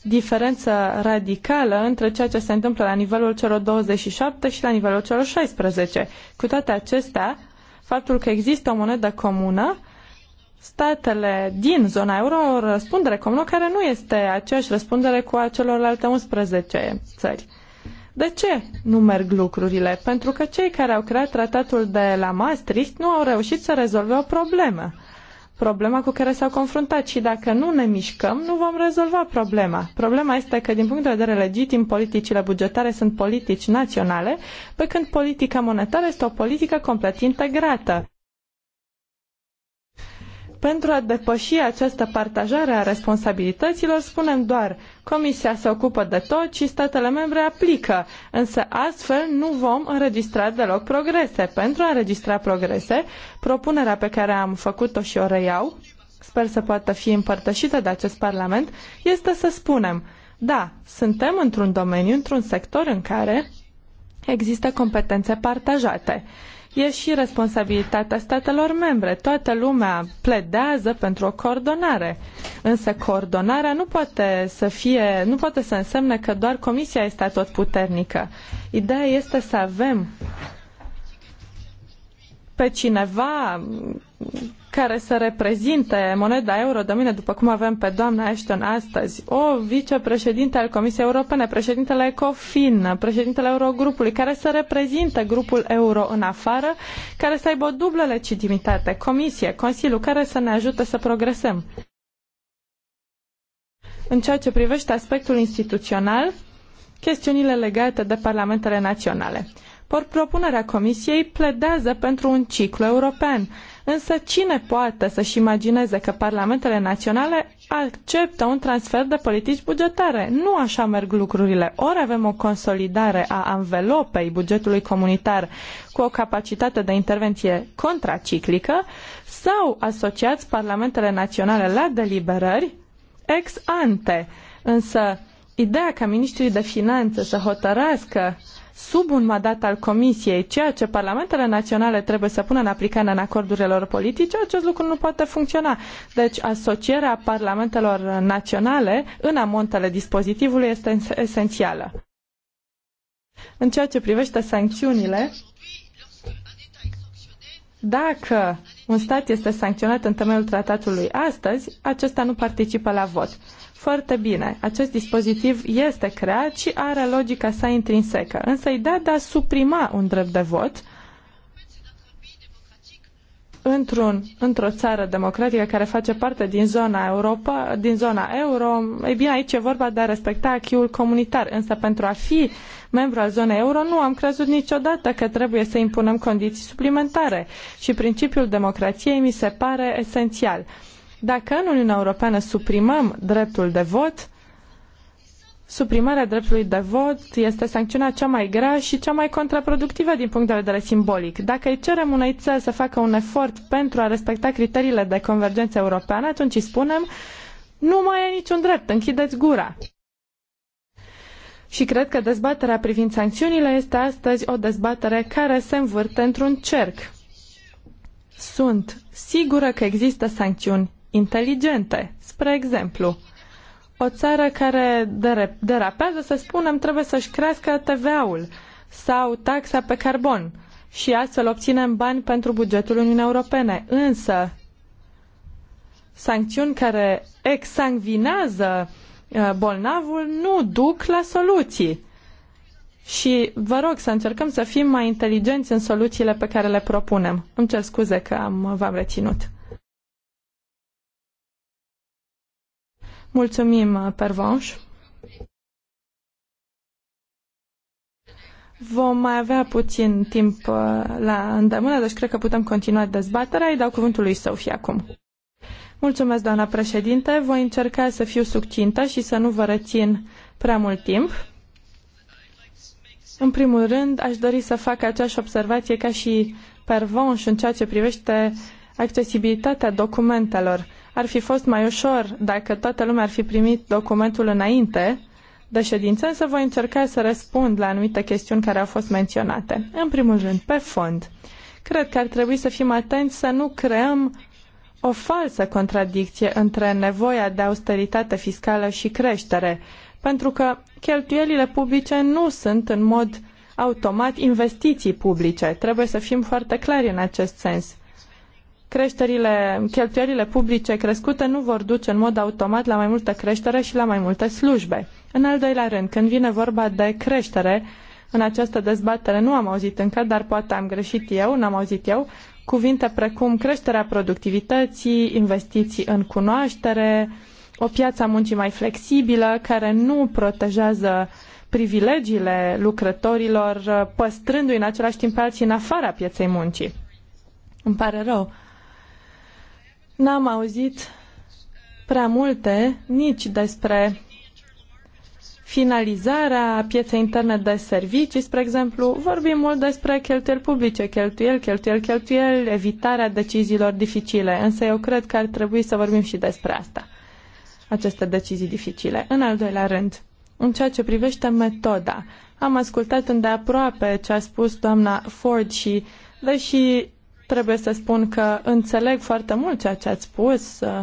diferență radicală între ceea ce se întâmplă la nivelul celor 27 și la nivelul celor 16. Cu toate acestea, faptul că există o monedă comună, statele din zona euro au o răspundere comună care nu este aceeași răspundere cu a celorlalte 11 țări. De ce nu merg lucrurile? Pentru că cei care au creat tratatul de la Maastricht nu au reușit să rezolve o problemă problema cu care s-au confruntat și dacă nu ne mișcăm, nu vom rezolva problema. Problema este că, din punct de vedere legitim, politicile bugetare sunt politici naționale, pe când politica monetară este o politică complet integrată. Pentru a depăși această partajare a responsabilităților, spunem doar Comisia se ocupă de tot și statele membre aplică, însă astfel nu vom înregistra deloc progrese. Pentru a înregistra progrese, propunerea pe care am făcut-o și o reiau, sper să poată fi împărtășită de acest Parlament, este să spunem, da, suntem într-un domeniu, într-un sector în care există competențe partajate e și responsabilitatea statelor membre. Toată lumea pledează pentru o coordonare. Însă coordonarea nu poate să fie, nu poate să însemne că doar Comisia este atotputernică. Ideea este să avem pe cineva care să reprezinte moneda euro de mâine, după cum avem pe doamna Ashton astăzi, o vicepreședinte al Comisiei Europene, președintele ECOFIN, președintele Eurogrupului, care să reprezinte grupul euro în afară, care să aibă o dublă legitimitate, Comisie, Consiliu, care să ne ajute să progresăm. În ceea ce privește aspectul instituțional, chestiunile legate de parlamentele naționale ori propunerea Comisiei pledează pentru un ciclu european. Însă cine poate să-și imagineze că parlamentele naționale acceptă un transfer de politici bugetare? Nu așa merg lucrurile. Ori avem o consolidare a anvelopei bugetului comunitar cu o capacitate de intervenție contraciclică sau asociați parlamentele naționale la deliberări ex ante. Însă ideea ca ministrii de finanțe să hotărască sub un mandat al Comisiei, ceea ce parlamentele naționale trebuie să pună în aplicare în acordurile lor politice, acest lucru nu poate funcționa. Deci asocierea parlamentelor naționale în amontele dispozitivului este esențială. În ceea ce privește sancțiunile, dacă un stat este sancționat în temeiul tratatului astăzi, acesta nu participă la vot. Foarte bine, acest dispozitiv este creat și are logica sa intrinsecă, însă ideea de a suprima un drept de vot într-un, într-o țară democratică care face parte din zona, Europa, din zona euro, ei bine, aici e vorba de a respecta achiul comunitar, însă pentru a fi membru al zonei euro nu am crezut niciodată că trebuie să impunem condiții suplimentare și principiul democrației mi se pare esențial. Dacă în Uniunea Europeană suprimăm dreptul de vot, Suprimarea dreptului de vot este sancțiunea cea mai grea și cea mai contraproductivă din punct de vedere simbolic. Dacă îi cerem unei țări să facă un efort pentru a respecta criteriile de convergență europeană, atunci îi spunem nu mai e niciun drept, închideți gura. Și cred că dezbaterea privind sancțiunile este astăzi o dezbatere care se învârte într-un cerc. Sunt sigură că există sancțiuni inteligente. Spre exemplu, o țară care derapează, să spunem, trebuie să-și crească TVA-ul sau taxa pe carbon și astfel obținem bani pentru bugetul Uniunii Europene. Însă, sancțiuni care exsangvinează uh, bolnavul nu duc la soluții. Și vă rog să încercăm să fim mai inteligenți în soluțiile pe care le propunem. Îmi cer scuze că am, v-am reținut. Mulțumim, uh, Pervanș. Vom mai avea puțin timp uh, la îndemână, deci cred că putem continua dezbaterea. Îi dau cuvântul lui Sofie acum. Mulțumesc, doamna președinte. Voi încerca să fiu succintă și să nu vă rețin prea mult timp. În primul rând, aș dori să fac aceeași observație ca și Pervonș în ceea ce privește accesibilitatea documentelor. Ar fi fost mai ușor dacă toată lumea ar fi primit documentul înainte de ședință, însă voi încerca să răspund la anumite chestiuni care au fost menționate. În primul rând, pe fond, cred că ar trebui să fim atenți să nu creăm o falsă contradicție între nevoia de austeritate fiscală și creștere, pentru că cheltuielile publice nu sunt în mod automat investiții publice. Trebuie să fim foarte clari în acest sens creșterile, cheltuielile publice crescute nu vor duce în mod automat la mai multă creștere și la mai multe slujbe. În al doilea rând, când vine vorba de creștere, în această dezbatere nu am auzit încă, dar poate am greșit eu, n-am auzit eu, cuvinte precum creșterea productivității, investiții în cunoaștere, o piață a muncii mai flexibilă care nu protejează privilegiile lucrătorilor, păstrându-i în același timp pe alții în afara pieței muncii. Îmi pare rău n-am auzit prea multe nici despre finalizarea pieței interne de servicii, spre exemplu, vorbim mult despre cheltuieli publice, cheltuieli, cheltuieli, cheltuieli, evitarea deciziilor dificile, însă eu cred că ar trebui să vorbim și despre asta, aceste decizii dificile. În al doilea rând, în ceea ce privește metoda, am ascultat îndeaproape ce a spus doamna Ford și, deși trebuie să spun că înțeleg foarte mult ceea ce ați spus uh,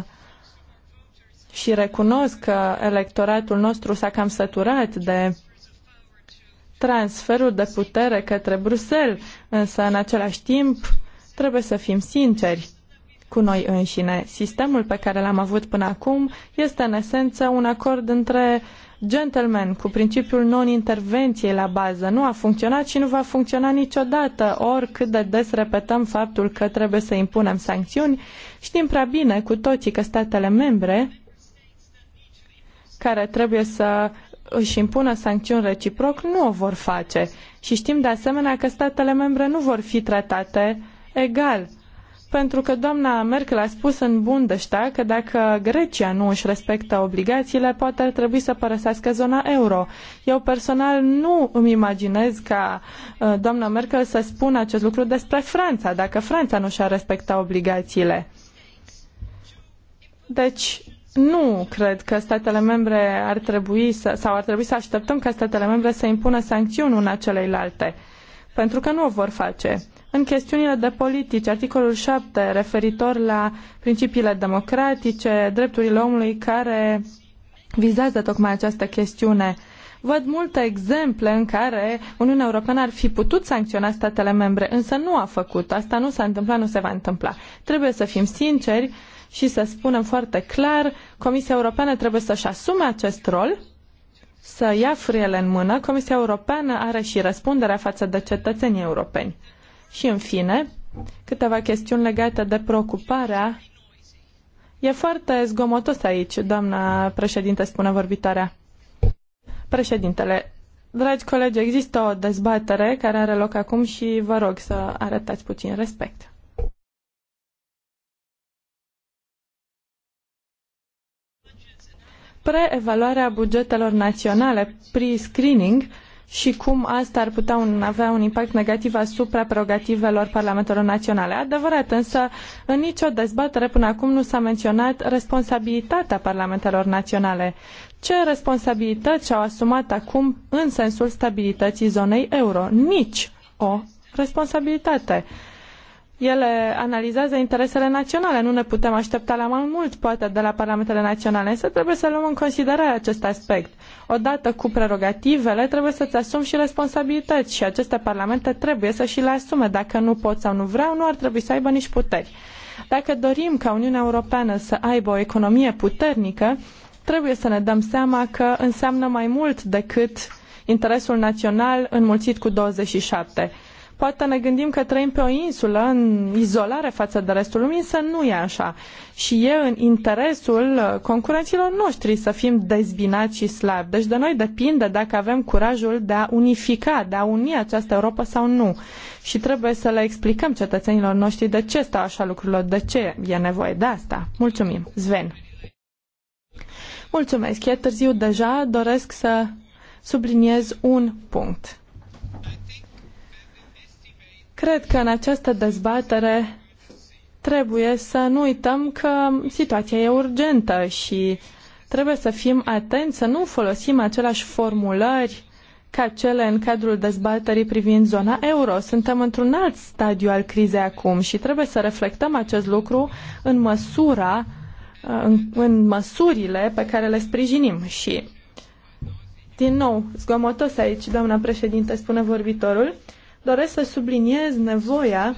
și recunosc că electoratul nostru s-a cam săturat de transferul de putere către Bruxelles, însă în același timp trebuie să fim sinceri cu noi înșine. Sistemul pe care l-am avut până acum este în esență un acord între gentleman cu principiul non-intervenției la bază nu a funcționat și nu va funcționa niciodată, oricât de des repetăm faptul că trebuie să impunem sancțiuni, știm prea bine cu toții că statele membre care trebuie să își impună sancțiuni reciproc nu o vor face. Și știm de asemenea că statele membre nu vor fi tratate egal pentru că doamna Merkel a spus în Bundestag că dacă Grecia nu își respectă obligațiile, poate ar trebui să părăsească zona euro. Eu personal nu îmi imaginez ca uh, doamna Merkel să spună acest lucru despre Franța, dacă Franța nu și-ar respecta obligațiile. Deci, nu cred că statele membre ar trebui să, sau ar trebui să așteptăm ca statele membre să impună sancțiuni una celeilalte pentru că nu o vor face. În chestiunile de politici, articolul 7 referitor la principiile democratice, drepturile omului care vizează tocmai această chestiune. Văd multe exemple în care Uniunea Europeană ar fi putut sancționa statele membre, însă nu a făcut. Asta nu s-a întâmplat, nu se va întâmpla. Trebuie să fim sinceri și să spunem foarte clar, Comisia Europeană trebuie să-și asume acest rol să ia frâiele în mână, Comisia Europeană are și răspunderea față de cetățenii europeni. Și, în fine, câteva chestiuni legate de preocuparea. E foarte zgomotos aici, doamna președinte, spune vorbitoarea. Președintele, dragi colegi, există o dezbatere care are loc acum și vă rog să arătați puțin respect. preevaluarea bugetelor naționale, pre-screening, și cum asta ar putea un, avea un impact negativ asupra prerogativelor parlamentelor naționale. Adevărat, însă în nicio dezbatere până acum nu s-a menționat responsabilitatea parlamentelor naționale. Ce responsabilități au asumat acum în sensul stabilității zonei euro? Nici o responsabilitate. Ele analizează interesele naționale, nu ne putem aștepta la mai mult, poate, de la parlamentele naționale, însă trebuie să luăm în considerare acest aspect. Odată cu prerogativele, trebuie să-ți asumi și responsabilități și aceste parlamente trebuie să și le asume. Dacă nu pot sau nu vreau, nu ar trebui să aibă nici puteri. Dacă dorim ca Uniunea Europeană să aibă o economie puternică, trebuie să ne dăm seama că înseamnă mai mult decât interesul național înmulțit cu 27. Poate ne gândim că trăim pe o insulă, în izolare față de restul lumii, însă nu e așa. Și e în interesul uh, concurenților noștri să fim dezbinați și slabi. Deci de noi depinde dacă avem curajul de a unifica, de a uni această Europa sau nu. Și trebuie să le explicăm cetățenilor noștri de ce stau așa lucrurile, de ce e nevoie de asta. Mulțumim. Sven. Mulțumesc. E târziu deja. Doresc să subliniez un punct. Cred că în această dezbatere trebuie să nu uităm că situația e urgentă și trebuie să fim atenți să nu folosim aceleași formulări ca cele în cadrul dezbaterii privind zona euro. Suntem într-un alt stadiu al crizei acum și trebuie să reflectăm acest lucru în măsura în, în măsurile pe care le sprijinim și din nou, zgomotos aici, doamna președinte, spune vorbitorul doresc să subliniez nevoia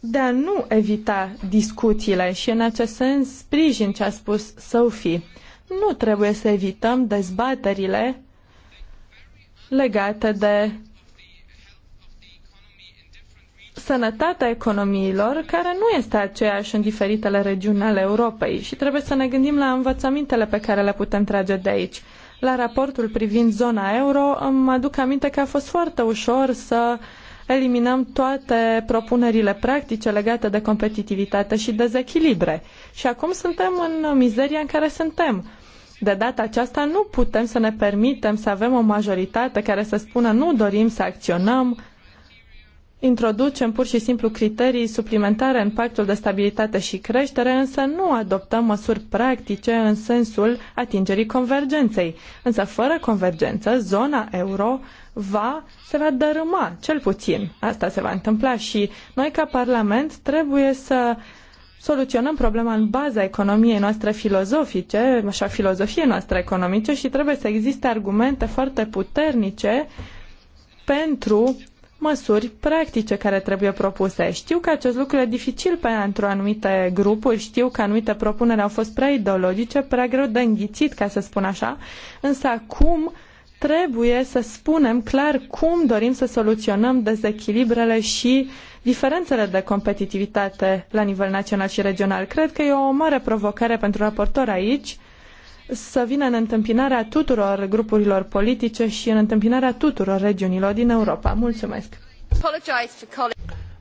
de a nu evita discuțiile și în acest sens sprijin ce a spus Sophie. Nu trebuie să evităm dezbaterile legate de sănătatea economiilor, care nu este aceeași în diferitele regiuni ale Europei și trebuie să ne gândim la învățămintele pe care le putem trage de aici la raportul privind zona euro, îmi aduc aminte că a fost foarte ușor să eliminăm toate propunerile practice legate de competitivitate și dezechilibre. Și acum suntem în mizeria în care suntem. De data aceasta nu putem să ne permitem să avem o majoritate care să spună nu dorim să acționăm, introducem pur și simplu criterii suplimentare în pactul de stabilitate și creștere, însă nu adoptăm măsuri practice în sensul atingerii convergenței. Însă fără convergență, zona euro va, se va dărâma, cel puțin. Asta se va întâmpla și noi ca Parlament trebuie să soluționăm problema în baza economiei noastre filozofice, așa filozofiei noastre economice și trebuie să existe argumente foarte puternice pentru măsuri practice care trebuie propuse. Știu că acest lucru e dificil pentru anumite grupuri, știu că anumite propuneri au fost prea ideologice, prea greu de înghițit, ca să spun așa, însă acum trebuie să spunem clar cum dorim să soluționăm dezechilibrele și diferențele de competitivitate la nivel național și regional. Cred că e o mare provocare pentru raportor aici să vină în întâmpinarea tuturor grupurilor politice și în întâmpinarea tuturor regiunilor din Europa. Mulțumesc!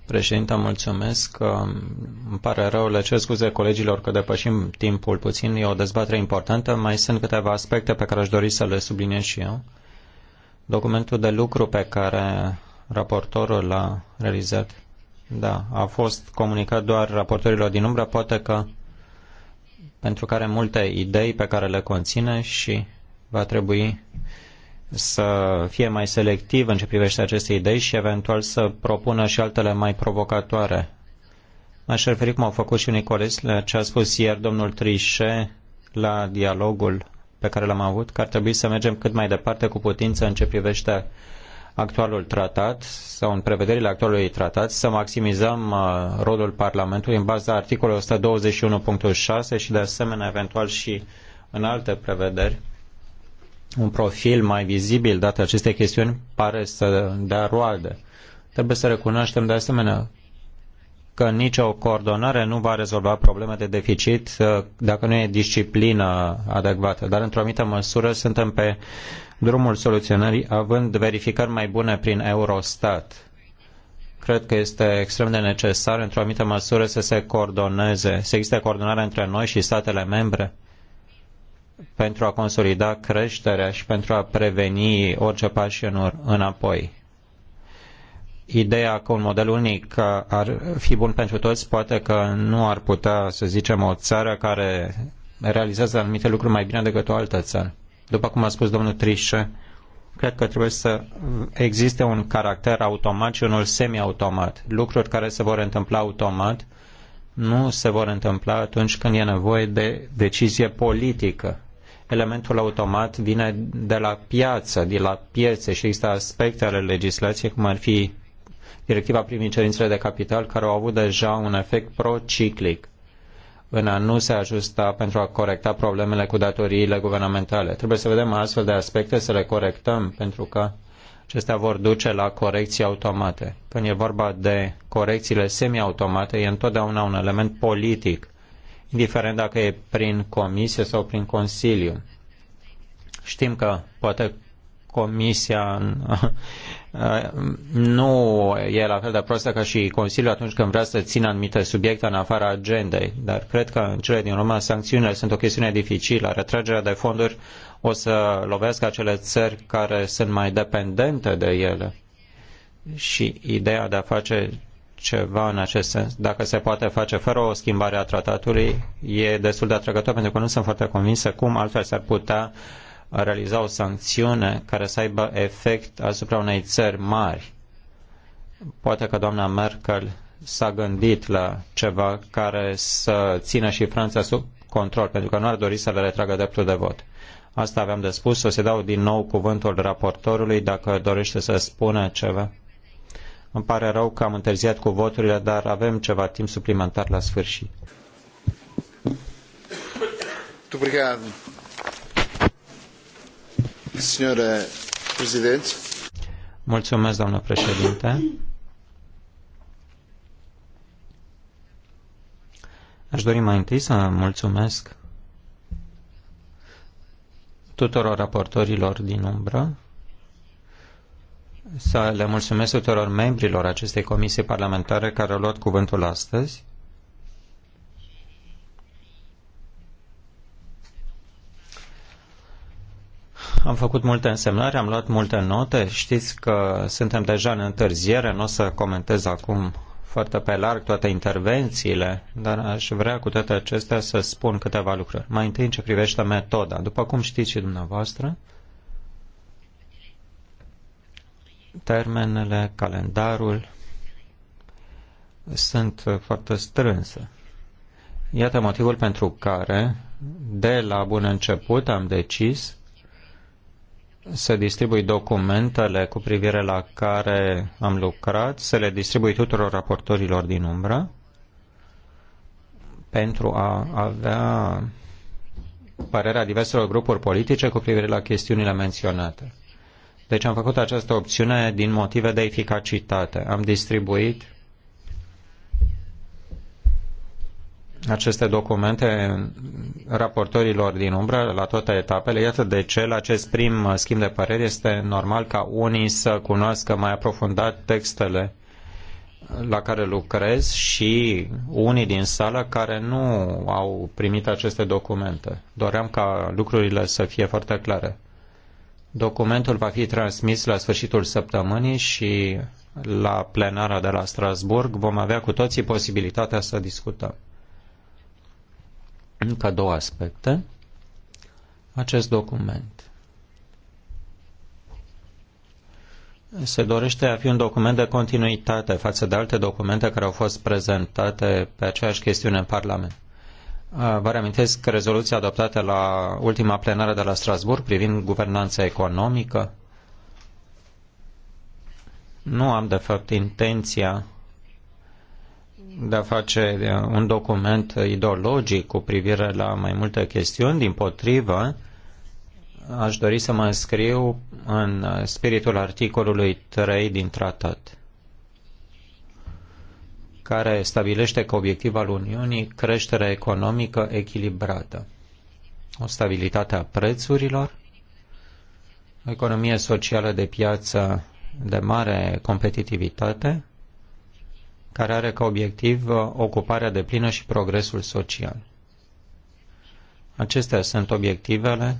Președinte, mulțumesc. Um, îmi pare rău, le cer scuze colegilor că depășim timpul puțin. E o dezbatere importantă. Mai sunt câteva aspecte pe care aș dori să le subliniez și eu. Documentul de lucru pe care raportorul l-a realizat, da, a fost comunicat doar raportorilor din umbră. Poate că pentru că are multe idei pe care le conține și va trebui să fie mai selectiv în ce privește aceste idei și eventual să propună și altele mai provocatoare. M-aș referi cum au făcut și unii colegi la ce a spus ieri domnul Trișe la dialogul pe care l-am avut, că ar trebui să mergem cât mai departe cu putință în ce privește actualul tratat sau în prevederile actualului tratat să maximizăm uh, rolul Parlamentului în baza articolului 121.6 și de asemenea eventual și în alte prevederi un profil mai vizibil dat aceste chestiuni pare să dea roade. Trebuie să recunoaștem de asemenea că nicio coordonare nu va rezolva probleme de deficit uh, dacă nu e disciplină adecvată. Dar, într-o anumită măsură, suntem pe drumul soluționării având verificări mai bune prin Eurostat. Cred că este extrem de necesar, într-o anumită măsură, să se coordoneze, să existe coordonare între noi și statele membre pentru a consolida creșterea și pentru a preveni orice pași în înapoi. Ideea că un model unic ar fi bun pentru toți, poate că nu ar putea, să zicem, o țară care realizează anumite lucruri mai bine decât o altă țară. După cum a spus domnul Trișe, cred că trebuie să existe un caracter automat și unul semi-automat. Lucruri care se vor întâmpla automat nu se vor întâmpla atunci când e nevoie de decizie politică. Elementul automat vine de la piață, de la piețe și există aspecte ale legislației, cum ar fi directiva privind cerințele de capital, care au avut deja un efect prociclic în a nu se ajusta pentru a corecta problemele cu datoriile guvernamentale. Trebuie să vedem astfel de aspecte, să le corectăm, pentru că acestea vor duce la corecții automate. Când e vorba de corecțiile semi-automate, semi-automate, e întotdeauna un element politic, indiferent dacă e prin comisie sau prin consiliu. Știm că poate Comisia nu e la fel de prostă ca și Consiliul atunci când vrea să țină anumite subiecte în afara agendei, dar cred că în cele din urmă sancțiunile sunt o chestiune dificilă. Retragerea de fonduri o să lovească acele țări care sunt mai dependente de ele și ideea de a face ceva în acest sens, dacă se poate face fără o schimbare a tratatului, e destul de atrăgător pentru că nu sunt foarte convinsă cum altfel s-ar putea uh, a realiza o sancțiune care să aibă efect asupra unei țări mari. Poate că doamna Merkel s-a gândit la ceva care să țină și Franța sub control, pentru că nu ar dori să le retragă dreptul de vot. Asta aveam de spus, o să dau din nou cuvântul raportorului dacă dorește să spună ceva. Îmi pare rău că am întârziat cu voturile, dar avem ceva timp suplimentar la sfârșit. Obrigado. Signore Presidente. Mulțumesc, doamnă președinte. Aș dori mai întâi să mulțumesc tuturor raportorilor din umbră, să le mulțumesc tuturor membrilor acestei comisii parlamentare care au luat cuvântul astăzi Am făcut multe însemnări, am luat multe note. Știți că suntem deja în întârziere, nu o să comentez acum foarte pe larg toate intervențiile, dar aș vrea cu toate acestea să spun câteva lucruri. Mai întâi în ce privește metoda. După cum știți și dumneavoastră, termenele, calendarul sunt foarte strânse. Iată motivul pentru care, de la bun început, am decis să distribui documentele cu privire la care am lucrat, să le distribui tuturor raportorilor din umbră pentru a avea părerea diverselor grupuri politice cu privire la chestiunile menționate. Deci am făcut această opțiune din motive de eficacitate. Am distribuit aceste documente raportorilor din umbră la toate etapele. Iată de ce la acest prim schimb de păreri este normal ca unii să cunoască mai aprofundat textele la care lucrez și unii din sală care nu au primit aceste documente. Doream ca lucrurile să fie foarte clare. Documentul va fi transmis la sfârșitul săptămânii și la plenara de la Strasburg vom avea cu toții posibilitatea să discutăm încă două aspecte. Acest document se dorește a fi un document de continuitate față de alte documente care au fost prezentate pe aceeași chestiune în Parlament. Vă reamintesc rezoluția adoptată la ultima plenară de la Strasburg privind guvernanța economică. Nu am, de fapt, intenția de a face eh, un document ideologic cu privire la mai multe chestiuni. Din potrivă, aș dori să mă înscriu în spiritul articolului 3 din tratat, care stabilește că obiectivul al Uniunii creșterea economică echilibrată, o stabilitate a prețurilor, o economie socială de piață de mare competitivitate, care are ca obiectiv uh, ocuparea de plină și progresul social. Acestea sunt obiectivele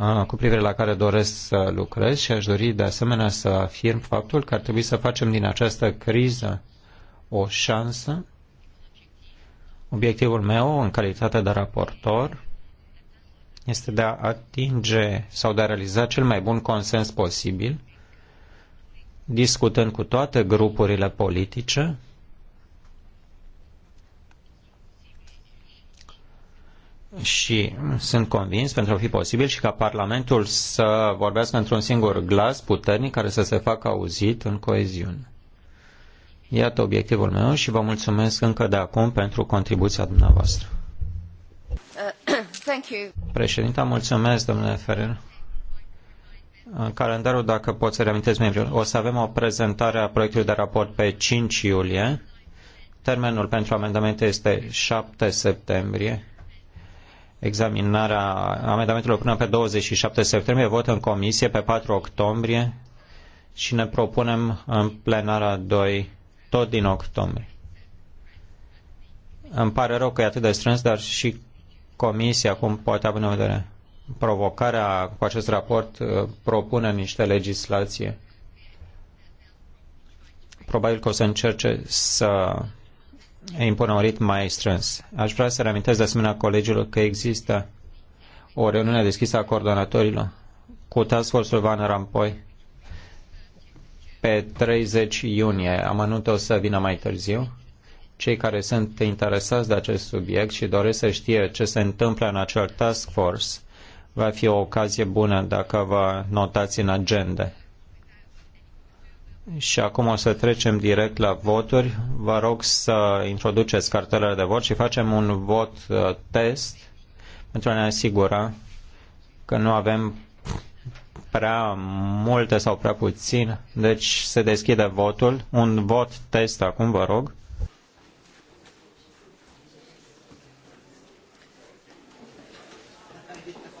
uh, cu privire la care doresc să lucrez și aș dori de asemenea să afirm faptul că ar trebui să facem din această criză o șansă. Obiectivul meu, în calitate de raportor, este de a atinge sau de a realiza cel mai bun consens posibil discutând cu toate grupurile politice, și sunt convins pentru a fi posibil și ca Parlamentul să vorbească într-un singur glas puternic care să se facă auzit în coeziune. Iată obiectivul meu și vă mulțumesc încă de acum pentru contribuția dumneavoastră. Uh, thank you. Președinta, mulțumesc, domnule Ferrer. În calendarul, dacă pot să reamintesc membrilor, o să avem o prezentare a proiectului de raport pe 5 iulie. Termenul pentru amendamente este 7 septembrie. Examinarea amendamentelor până pe 27 septembrie, vot în comisie pe 4 octombrie și ne propunem în plenara 2 tot din octombrie. Îmi pare rău că e atât de strâns, dar și comisia acum poate avea în vedere provocarea cu acest raport uh, propune niște legislație. Probabil că o să încerce să impună un ritm mai strâns. Aș vrea să reamintesc de asemenea colegilor că există o reuniune deschisă a coordonatorilor cu Task Force-ul Van Rampoi pe 30 iunie. Amănunte o să vină mai târziu. Cei care sunt interesați de acest subiect și doresc să știe ce se întâmplă în acel task force va fi o ocazie bună dacă vă notați în agenda. Și acum o să trecem direct la voturi. Vă rog să introduceți cartelele de vot și facem un vot uh, test pentru a ne asigura că nu avem prea multe sau prea puțin. Deci se deschide votul. Un vot test acum, vă rog.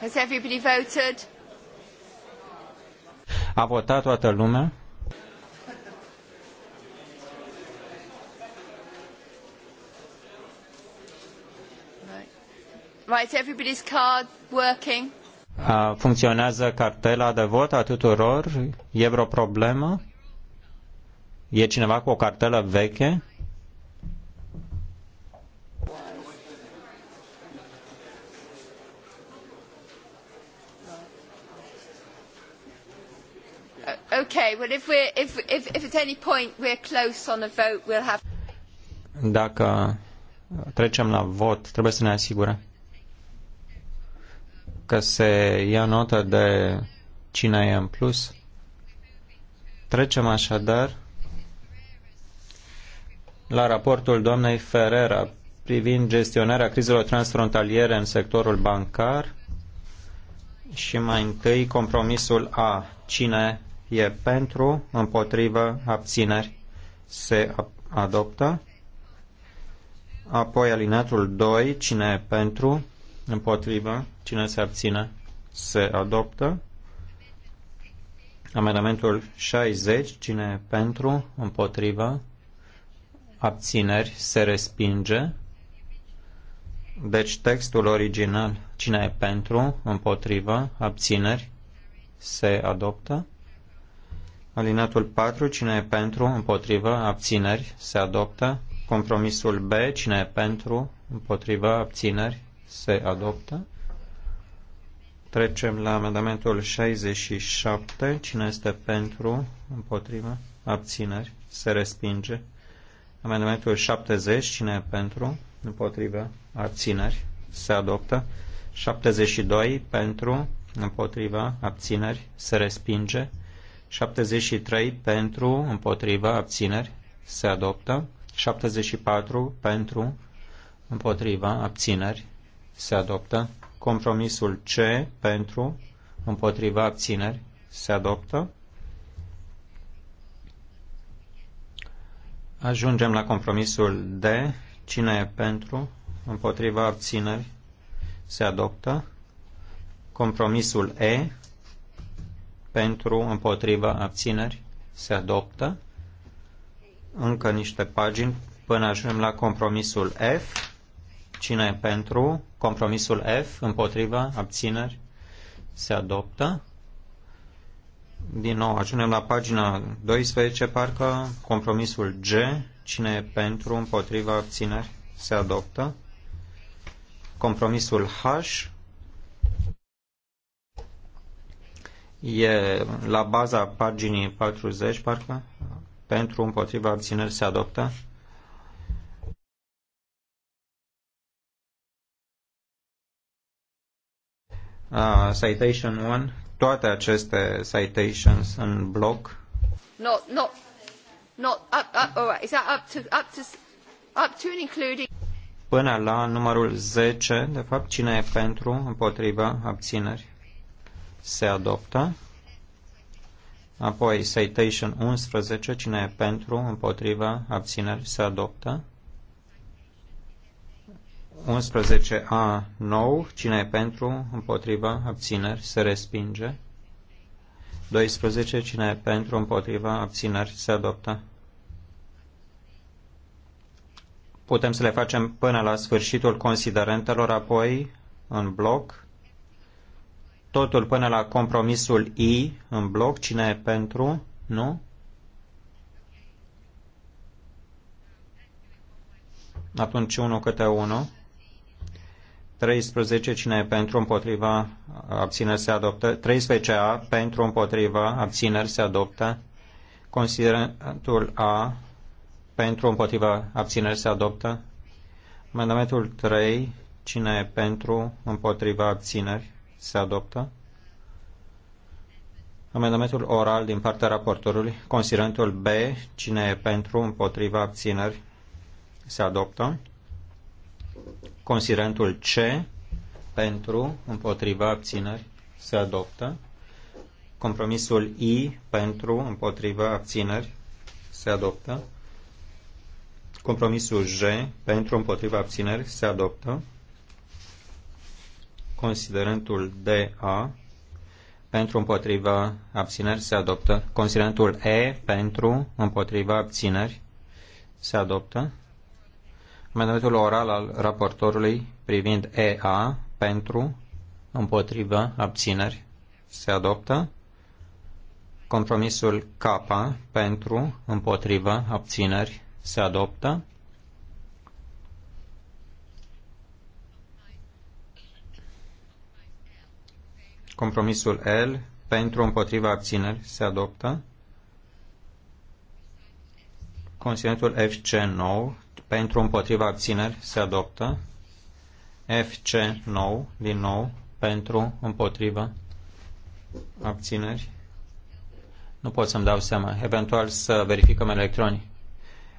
Has everybody voted? A votat toată lumea? Right, everybody's card working? Funcționează cartela de vot a tuturor? E vreo problemă? E cineva cu o cartelă veche? Okay, well if if if if at any point we're close on a vote, we'll have Dacă trecem la vot, trebuie să ne asigurăm că se ia notă de cine e în plus. Trecem așadar la raportul doamnei Ferrera privind gestionarea crizelor transfrontaliere în sectorul bancar și mai întâi compromisul A. Cine E pentru, împotrivă, abțineri. Se adoptă. Apoi alineatul 2, cine e pentru, împotrivă, cine se abține, se adoptă. Amendamentul 60, cine e pentru, împotrivă, abțineri, se respinge. Deci textul original, cine e pentru, împotrivă, abțineri, se adoptă. Alinatul 4, cine e pentru, împotrivă, abțineri, se adoptă. Compromisul B, cine e pentru, împotrivă, abțineri, se adoptă. Trecem la amendamentul 67. Cine este pentru, împotrivă, abțineri, se respinge. Amendamentul 70. Cine e pentru, împotrivă, abțineri, se adoptă. 72. Pentru, împotrivă, abțineri, se respinge. 73 pentru, împotriva, abțineri, se adoptă. 74 pentru, împotriva, abțineri, se adoptă. Compromisul C pentru, împotriva, abțineri, se adoptă. Ajungem la compromisul D. Cine e pentru, împotriva, abțineri, se adoptă. Compromisul E pentru, împotriva, abțineri, se adoptă. Încă niște pagini până ajungem la compromisul F. Cine e pentru? Compromisul F, împotriva, abțineri, se adoptă. Din nou, ajungem la pagina 12, parcă, compromisul G. Cine e pentru, împotriva, abțineri, se adoptă. Compromisul H, E la baza paginii 40, parcă, pentru împotriva abțineri se adoptă. Uh, citation 1, toate aceste citations în bloc. Not, not, not up, up, all right. Is that up to, up to, up to and including? Până la numărul 10, de fapt, cine e pentru, împotriva, abțineri? se adoptă. Apoi Citation 11, cine e pentru, împotriva, abțineri, se adoptă. 11a, 9, cine e pentru, împotriva, abțineri, se respinge. 12, cine e pentru, împotriva, abțineri, se adoptă. Putem să le facem până la sfârșitul considerentelor, apoi, în bloc, totul până la compromisul I în bloc. Cine e pentru? Nu? Atunci 1 câte 1. 13. Cine e pentru împotriva abțineri se adoptă. 13A pentru împotriva abțineri se adoptă. Considerentul A pentru împotriva abțineri se adoptă. Amendamentul 3. Cine e pentru împotriva abțineri? Se adoptă. Amendamentul oral din partea raportorului, considerentul B, cine e pentru, împotriva, abțineri, se adoptă. Considerentul C, pentru, împotriva, abțineri, se adoptă. Compromisul I, pentru, împotriva, abțineri, se adoptă. Compromisul J, pentru, împotriva, abțineri, se adoptă. Considerentul DA pentru împotriva abțineri se adoptă. Considerentul E pentru împotriva abțineri se adoptă. Amendamentul oral al raportorului privind EA pentru împotriva abțineri se adoptă. Compromisul K pentru împotriva abțineri se adoptă. Compromisul L pentru împotriva abțineri se adoptă. Conținutul FC9 pentru împotriva abțineri se adoptă. FC9 din nou pentru împotriva abțineri. Nu pot să-mi dau seama. Eventual să verificăm electronii.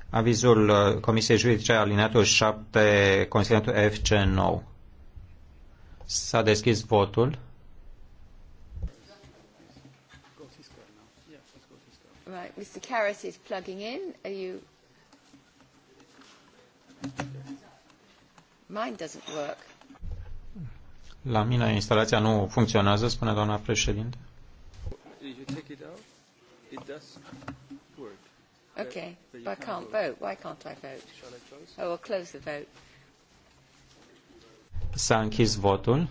Avizul uh, Comisiei Juridice alineatul 7, consilentul FC9. S-a deschis votul. Mr. Karras is plugging in. Are you? Mine doesn't work. La mine instalația nu funcționează, spune doamna președinte. You take it out, it does work. Okay, but, but I can't vote. vote. Why can't I vote? Shall I close? Oh, I'll close the vote. S-a închis votul.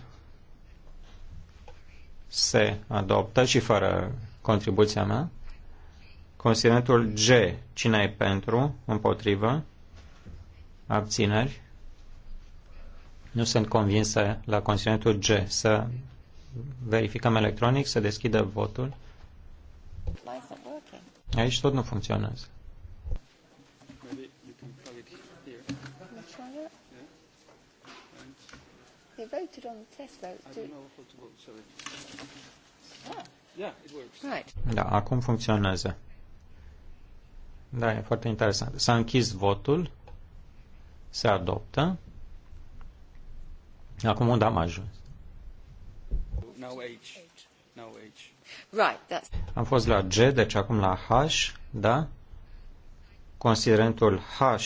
Se adoptă și fără contribuția mea. Considerentul G. Cine e pentru? Împotrivă? Abțineri? Nu sunt convinsă la considerentul G. Să verificăm electronic, să deschidă votul. Aici tot nu funcționează. They voted on the test vote. Ah. Yeah, it works. Right. Da, acum funcționează. Da, e foarte interesant. S-a închis votul, se adoptă. Acum unde am ajuns? Am fost la G, deci acum la H, da? Considerentul H,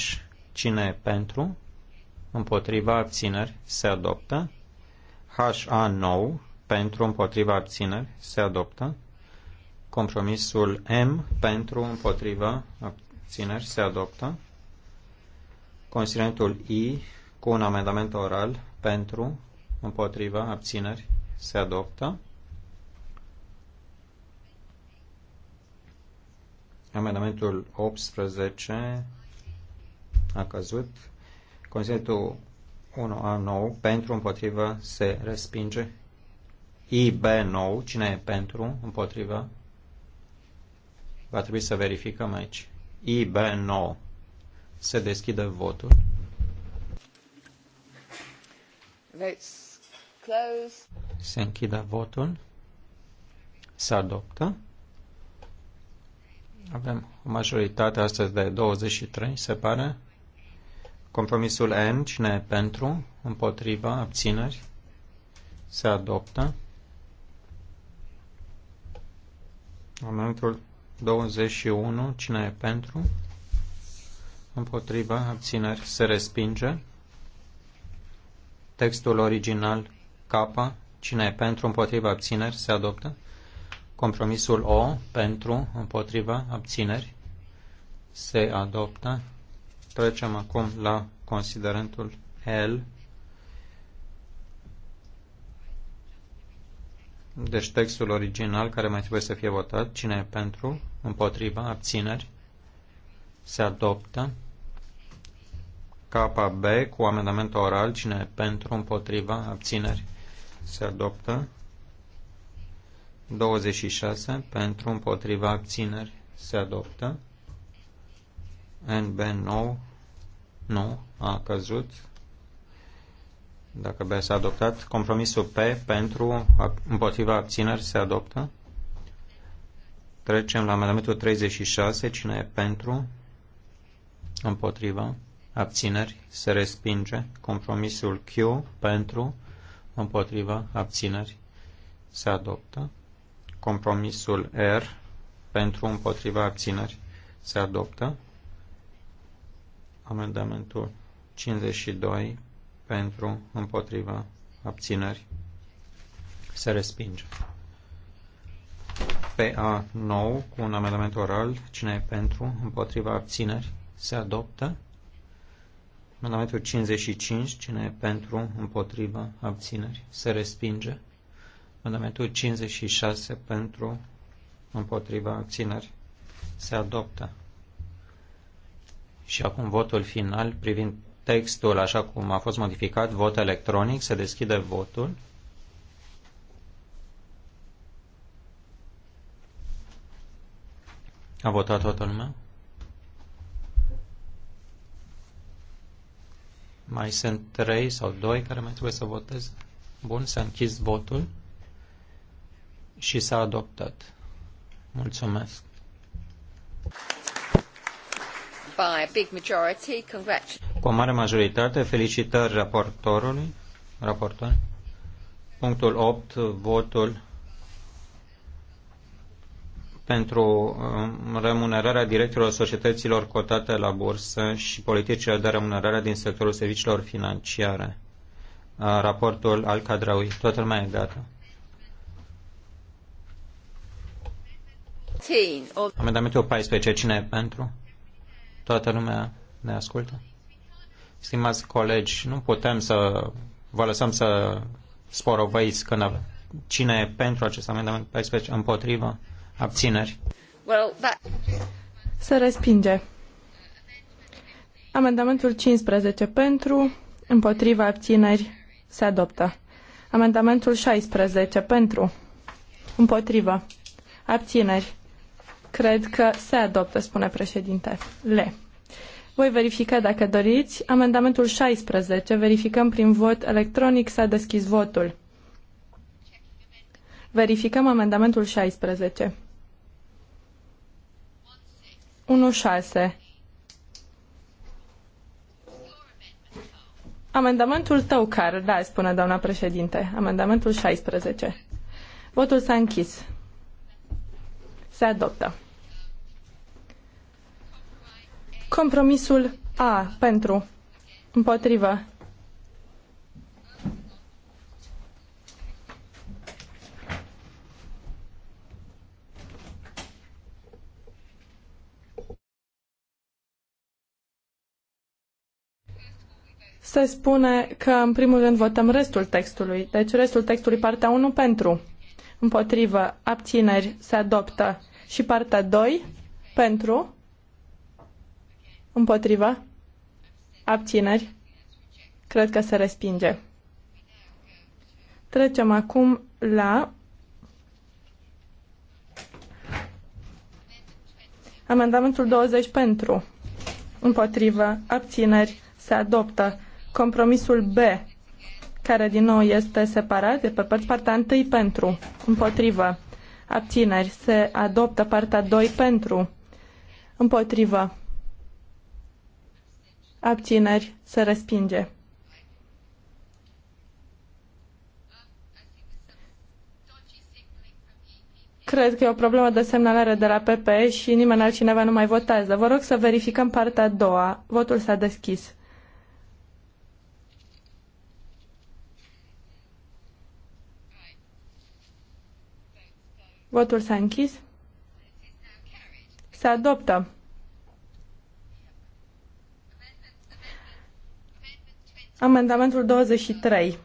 cine e pentru? Împotriva abțineri, se adoptă. H a nou, pentru împotriva abțineri, se adoptă. Compromisul M pentru împotrivă abțineri se adoptă. Considerentul I cu un amendament oral pentru împotrivă abțineri se adoptă. Amendamentul 18 a căzut. Considerentul 1A9 pentru împotrivă se respinge. IB9, cine e pentru împotriva Va trebui să verificăm aici. IB9. Se deschide votul. Votes closed. Se închide votul. Se adoptă. Avem o majoritate astăzi de 23, se pare. Compromisul N, cine e pentru, împotriva, abțineri, se adoptă. Amendamentul 21. Cine e pentru? Împotriva. Abțineri. Se respinge. Textul original K. Cine e pentru? Împotriva. Abțineri. Se adoptă. Compromisul O. Pentru. Împotriva. Abțineri. Se adoptă. Trecem acum la considerentul L Deci textul original care mai trebuie să fie votat. Cine e pentru? Împotriva? Abțineri? Se adoptă. KB cu amendament oral. Cine e pentru? Împotriva? Abțineri? Se adoptă. 26. Pentru? Împotriva? Abțineri? Se adoptă. NB9 nu a căzut. Dacă B s-a adoptat, compromisul P pentru împotriva abțineri se adoptă. Trecem la amendamentul 36. Cine e pentru? Împotriva. Abțineri. Se respinge. Compromisul Q pentru. Împotriva. Abțineri. Se adoptă. Compromisul R pentru. Împotriva. Abțineri. Se adoptă. Amendamentul 52 pentru, împotriva, abținări, se respinge. PA9 cu un amendament oral, cine e pentru, împotriva, abțineri, se adoptă. Amendamentul 55, cine e pentru, împotriva, abțineri, se respinge. Amendamentul 56 pentru, împotriva, abțineri, se adoptă. Și acum votul final privind textul așa cum a fost modificat, vot electronic, se deschide votul. A votat toată lumea? Mai sunt trei sau doi care mai trebuie să voteze. Bun, s-a închis votul și s-a adoptat. Mulțumesc. By a big majority, congratulations. Cu o mare majoritate, felicitări raportorului. Raportor. Punctul 8, votul pentru um, remunerarea directorilor societăților cotate la bursă și politicile de remunerare din sectorul serviciilor financiare. Raportul al cadraui. Toată lumea e gata. Amendamentul 14. Cine e pentru? Toată lumea ne ascultă? Stimați colegi, nu putem să vă lăsăm să sporovăiți când cine e pentru acest amendament 14, împotrivă, abțineri. Well, that... Să respinge. Amendamentul 15 pentru, împotriva abțineri, se adoptă. Amendamentul 16 pentru, împotriva, abțineri. Cred că se adoptă, spune președinte. Le. Voi verifica dacă doriți. Amendamentul 16. Verificăm prin vot electronic. S-a deschis votul. Verificăm amendamentul 16. 1.6. Amendamentul tău, car, da, spune doamna președinte. Amendamentul 16. Votul s-a închis. Se adoptă. Compromisul A pentru împotrivă. se spune că în primul rând votăm restul textului. Deci restul textului partea 1 pentru, împotrivă, abțineri, se adoptă și partea 2 pentru, Împotriva? Abțineri? Cred că se respinge. Trecem acum la amendamentul 20 pentru. Împotrivă, abțineri, se adoptă. Compromisul B, care din nou este separat de pe părți, partea 1 pentru. Împotrivă, abțineri, se adoptă partea 2 pentru. Împotrivă, abțineri, se respinge. Cred că e o problemă de semnalare de la PP și nimeni altcineva nu mai votează. Vă rog să verificăm partea a doua. Votul s-a deschis. Votul s-a închis. Se adoptă. Amendamentul 23.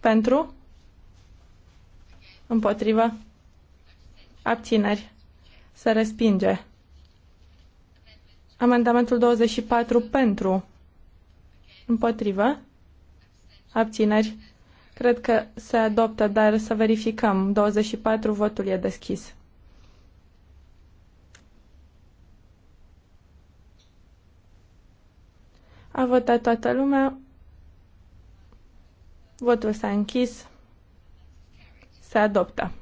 Pentru? Împotrivă? Abțineri. Se respinge. Amendamentul 24 pentru. Împotrivă. Abțineri. Cred că se adoptă, dar să verificăm. 24 votul e deschis. A votat toată lumea. Votul s-a închis. Se adoptă.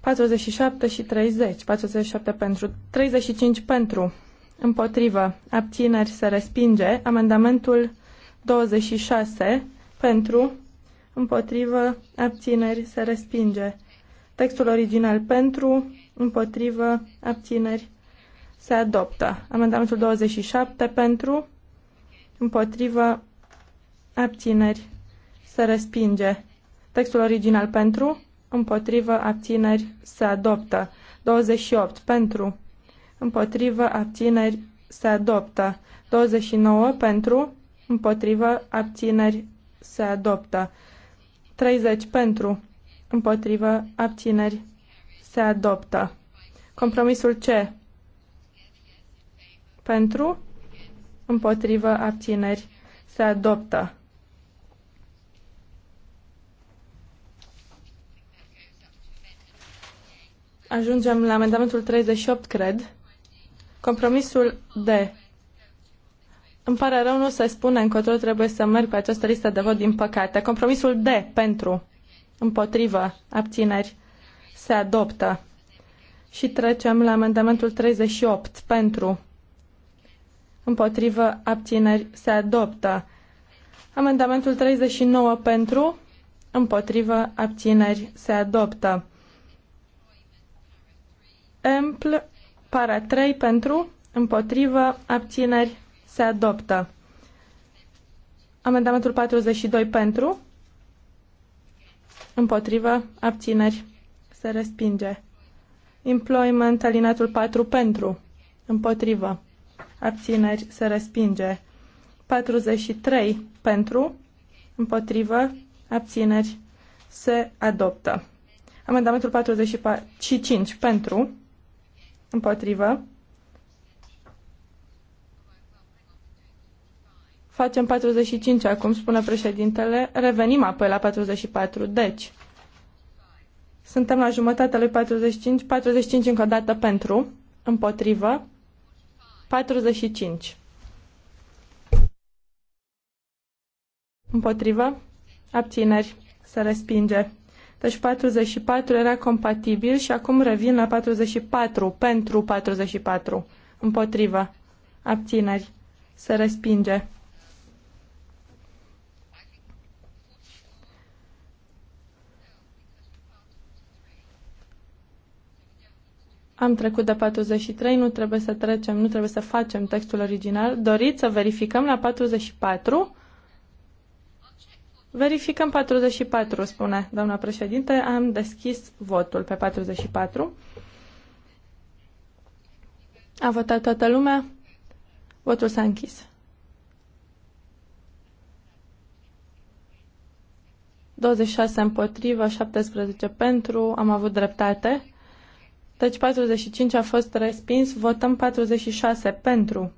47 și 30. 47 pentru. 35 pentru. Împotrivă. Abțineri se respinge. Amendamentul 26 pentru. Împotrivă. Abțineri se respinge. Textul original pentru. Împotrivă. Abțineri se adoptă. Amendamentul 27 pentru împotrivă, abțineri, se respinge. Textul original pentru, împotrivă, abțineri, se adoptă. 28 pentru, împotrivă, abțineri, se adoptă. 29 pentru, împotrivă, abțineri, se adoptă. 30 pentru, împotrivă, abțineri, se adoptă. Compromisul C. Pentru, împotrivă, abțineri, se adoptă. Ajungem la amendamentul 38, cred. Compromisul D. Îmi pare rău, nu se spune încotro trebuie să merg pe această listă de vot, din păcate. Compromisul D pentru, împotrivă, abțineri, se adoptă. Și trecem la amendamentul 38 pentru, împotrivă, abțineri, se adoptă. Amendamentul 39 pentru, împotrivă, abțineri, se adoptă. Empl, para 3 pentru, împotrivă, abțineri, se adoptă. Amendamentul 42 pentru, împotrivă, abțineri, se respinge. Employment, alinatul 4 pentru, împotrivă, abțineri, se respinge. 43 pentru, împotrivă, abțineri, se adoptă. Amendamentul 45 pentru, împotrivă. Facem 45 acum, spune președintele. Revenim apoi la 44. Deci, suntem la jumătatea lui 45. 45 încă o dată pentru, împotrivă, 45. Împotrivă? Abțineri. Se respinge. Deci 44 era compatibil și acum revin la 44. Pentru 44. Împotrivă. Abțineri. Se respinge. Am trecut de 43, nu trebuie să trecem, nu trebuie să facem textul original. Doriți să verificăm la 44? Verificăm 44, spune doamna președinte. Am deschis votul pe 44. A votat toată lumea? Votul s-a închis. 26 împotrivă, 17 pentru, am avut dreptate. Deci 45 a fost respins. Votăm 46 pentru.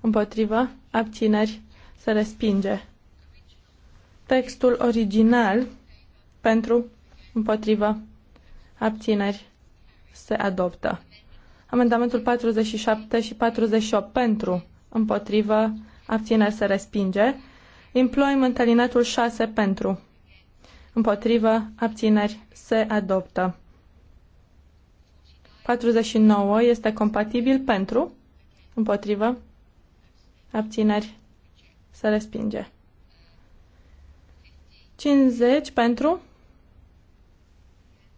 Împotrivă. Abțineri. Se respinge. Textul original pentru. Împotrivă. Abțineri. Se adoptă. Amendamentul 47 și 48 pentru. Împotrivă. Abțineri se respinge. Employment alinatul 6 pentru. Împotrivă. Abțineri se adoptă. 49 este compatibil pentru, împotrivă, abțineri, se respinge. 50 pentru,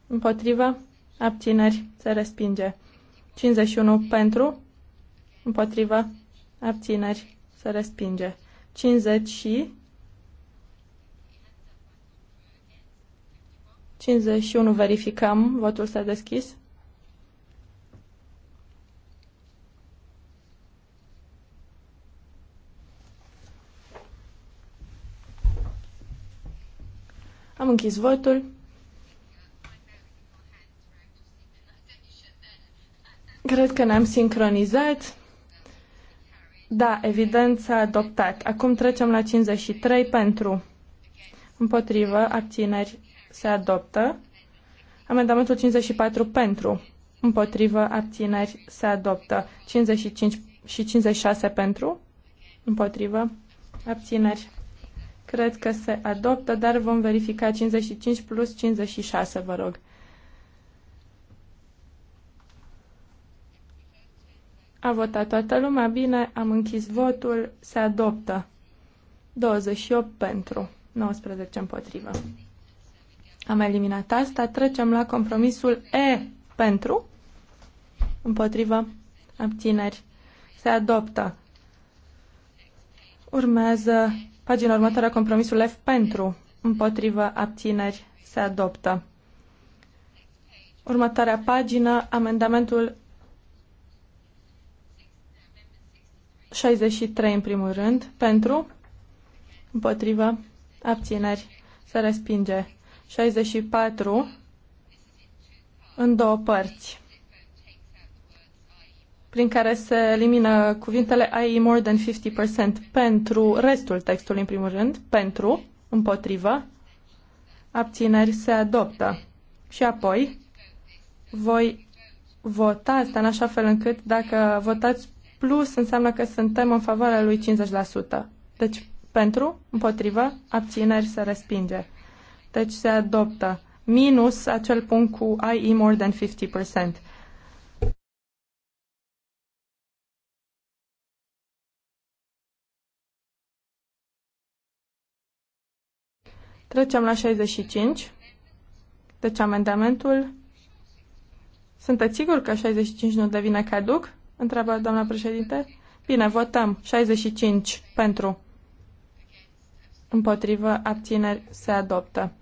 împotrivă, abțineri, se respinge. 51 pentru, împotrivă, abțineri, se respinge. 50 și 51 verificăm, votul s-a deschis. Am închis votul. Cred că ne-am sincronizat. Da, evident s-a adoptat. Acum trecem la 53 pentru. Împotrivă, abțineri, se adoptă. Amendamentul 54 pentru. Împotrivă, abțineri, se adoptă. 55 și 56 pentru. Împotrivă, abțineri, Cred că se adoptă, dar vom verifica 55 plus 56, vă rog. A votat toată lumea, bine, am închis votul, se adoptă. 28 pentru, 19 împotrivă. Am eliminat asta, trecem la compromisul E pentru, împotrivă, abțineri. Se adoptă. Urmează Pagina următoare, compromisul F pentru, împotrivă, abțineri, se adoptă. Următoarea pagină, amendamentul 63 în primul rând, pentru, împotrivă, abțineri, se respinge. 64 în două părți prin care se elimină cuvintele i more than 50% pentru restul textului în primul rând, pentru, împotrivă, abțineri se adoptă. Și apoi voi vota asta în așa fel încât dacă votați plus înseamnă că suntem în favoarea lui 50%. Deci pentru, împotrivă, abțineri se respinge. Deci se adoptă minus acel punct cu IE more than 50%. Trecem la 65. Deci amendamentul... Sunteți sigur că 65 nu devine caduc? Întreabă doamna președinte. Bine, votăm. 65 pentru. Împotrivă, abțineri, se adoptă.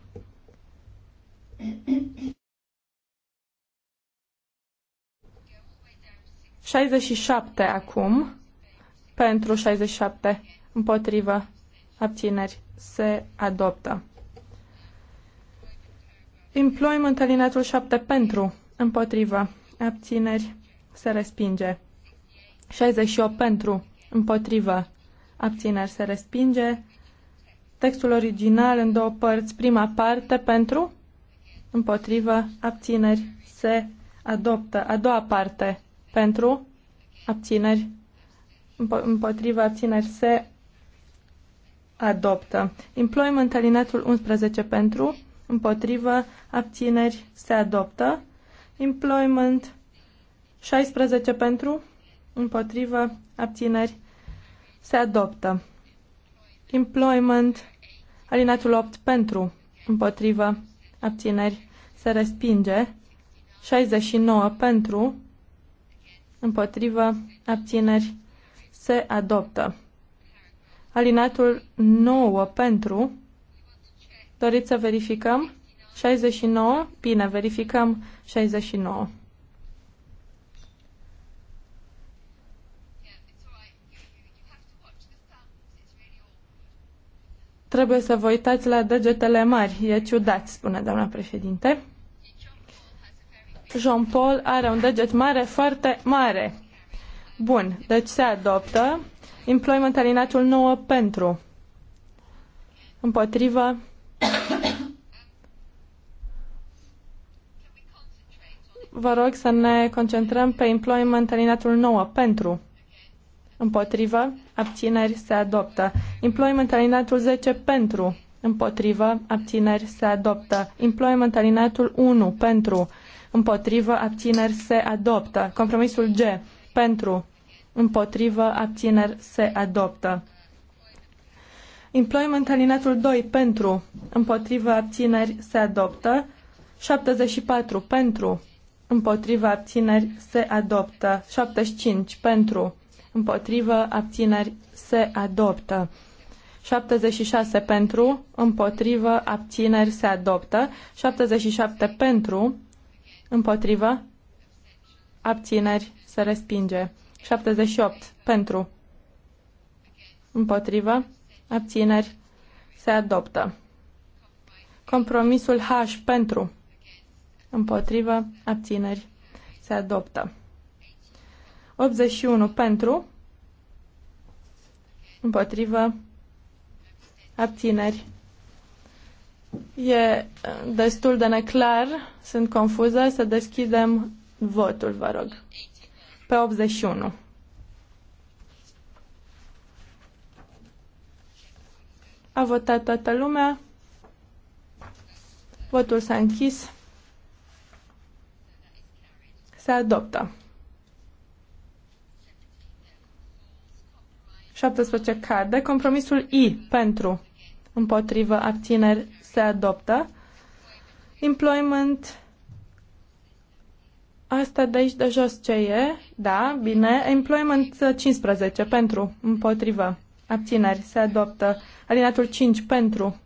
șapte acum. Pentru 67. Împotrivă, abțineri, se adoptă. Employment alineatul 7 pentru, împotrivă, abțineri, se respinge. 68 pentru, împotrivă, abțineri, se respinge. Textul original în două părți, prima parte pentru, împotrivă, abțineri, se adoptă. A doua parte pentru, abțineri, împotrivă, abțineri, se adoptă. Employment alineatul 11 pentru, împotrivă, abțineri, se adoptă. Employment 16 pentru, împotrivă, abțineri, se adoptă. Employment alinatul 8 pentru, împotrivă, abțineri, se respinge. 69 pentru, împotrivă, abțineri, se adoptă. Alinatul 9 pentru, Doriți să verificăm? 69? Bine, verificăm 69. Trebuie să vă uitați la degetele mari. E ciudat, spune doamna președinte. Jean-Paul are un deget mare, foarte mare. Bun, deci se adoptă. Employment alinatul 9 pentru. Împotrivă. Vă rog să ne concentrăm pe employment alinatul 9 pentru. Împotrivă, abțineri se adoptă. Employment alinatul 10 pentru. Împotrivă, abțineri se adoptă. Employment alinatul 1 pentru. Împotrivă, abțineri se adoptă. Compromisul G pentru. Împotrivă, abțineri se adoptă. Employment alinatul 2 pentru, împotriva abțineri se adoptă. 74 pentru, împotriva abțineri se adoptă. 75 pentru, împotriva abțineri se adoptă. 76 pentru, împotrivă, abțineri se adoptă. 77 pentru, împotrivă, abțineri se respinge. 78 pentru, împotrivă, abțineri, se adoptă. Compromisul H pentru, împotrivă, abțineri, se adoptă. 81 pentru, împotrivă, abțineri. E destul de neclar, sunt confuză, să deschidem votul, vă rog. Pe 81. A votat toată lumea. Votul s-a închis. Se adoptă. 17 cade. Compromisul I pentru împotrivă abțineri se adoptă. Employment Asta de aici de jos ce e? Da, bine. Employment 15 pentru împotrivă abțineri, se adoptă. Alinatul 5 pentru,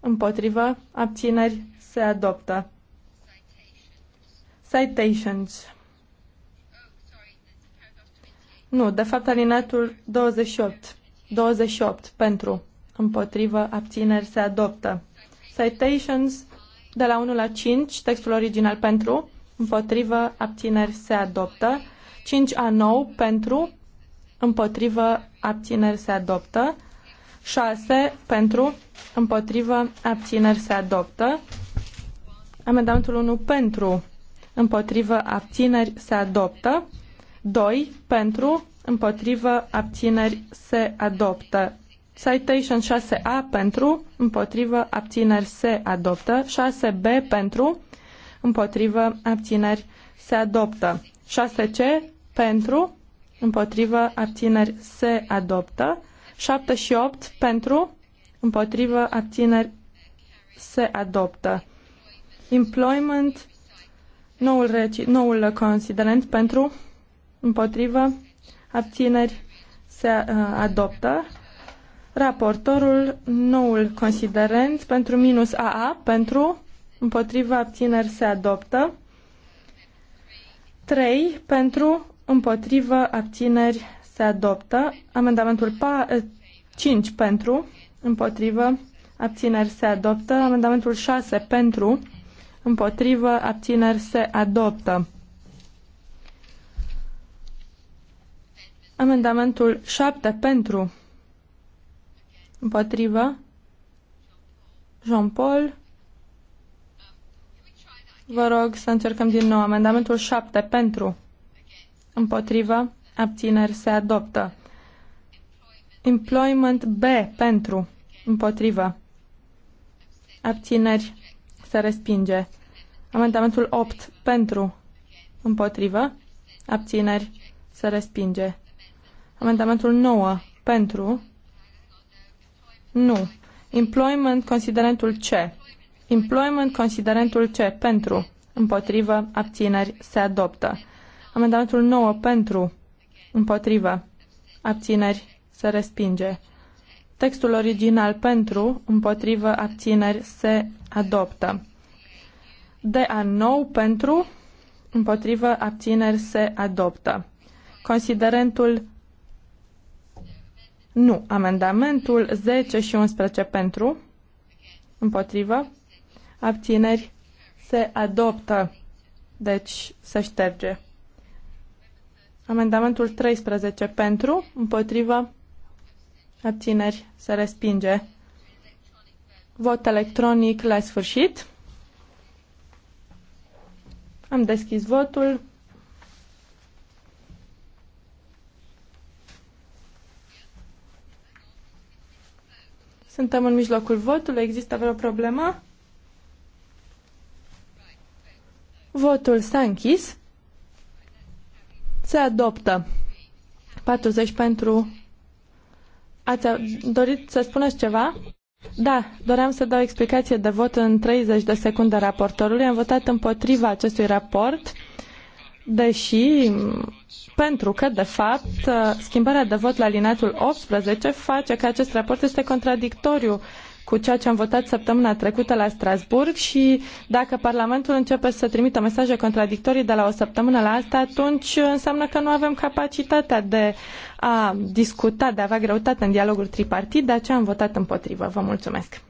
împotrivă, abțineri, se adoptă. Citations. Nu, de fapt alinatul 28. 28 pentru, împotrivă, abțineri, se adoptă. Citations de la 1 la 5, textul original pentru, împotrivă, abțineri, se adoptă. 5 a 9 pentru, împotrivă, abțineri se adoptă. 6 pentru, împotrivă, abțineri se adoptă. Amendamentul 1 pentru, împotrivă, abțineri se adoptă. 2 pentru, împotrivă, abțineri se adoptă. Citation 6A pentru, împotrivă, abțineri se adoptă. 6B pentru, împotrivă, abțineri se adoptă. 6C pentru, împotrivă, abțineri se adoptă. 7 și 8 pentru, împotrivă, abțineri se adoptă. Employment, noul, reci, noul considerent pentru, împotrivă, abțineri se uh, adoptă. Raportorul, noul considerent pentru minus AA, pentru, împotrivă, abțineri se adoptă. 3 pentru, împotrivă, abțineri, se adoptă. Amendamentul 5 eh, pentru, împotrivă, abțineri, se adoptă. Amendamentul 6 pentru, împotrivă, abțineri, se adoptă. Amendamentul 7 pentru, împotrivă, Jean-Paul. Vă rog să încercăm din nou. Amendamentul 7 pentru împotrivă, abțineri se adoptă. Employment B pentru, împotrivă, abțineri se respinge. Amendamentul 8 pentru, împotrivă, abțineri se respinge. Amendamentul 9 pentru, nu. Employment considerentul C. Employment considerentul C pentru, împotrivă, abțineri se adoptă. Amendamentul 9 pentru, împotrivă, abțineri, se respinge. Textul original pentru, împotrivă, abțineri, se adoptă. De a nou pentru, împotrivă, abțineri, se adoptă. Considerentul nu. Amendamentul 10 și 11 pentru, împotrivă, abțineri, se adoptă. Deci se șterge. Amendamentul 13 pentru, împotrivă, abțineri, se respinge. Vot electronic la sfârșit. Am deschis votul. Suntem în mijlocul votului. Există vreo problemă? Votul s-a închis. Se adoptă. 40 pentru... Ați dorit să spuneți ceva? Da, doream să dau explicație de vot în 30 de secunde raportorului. Am votat împotriva acestui raport, deși pentru că, de fapt, schimbarea de vot la linatul 18 face că acest raport este contradictoriu cu ceea ce am votat săptămâna trecută la Strasbourg și dacă Parlamentul începe să trimită mesaje contradictorii de la o săptămână la alta, atunci înseamnă că nu avem capacitatea de a discuta, de a avea greutate în dialogul tripartit, de aceea am votat împotrivă. Vă mulțumesc.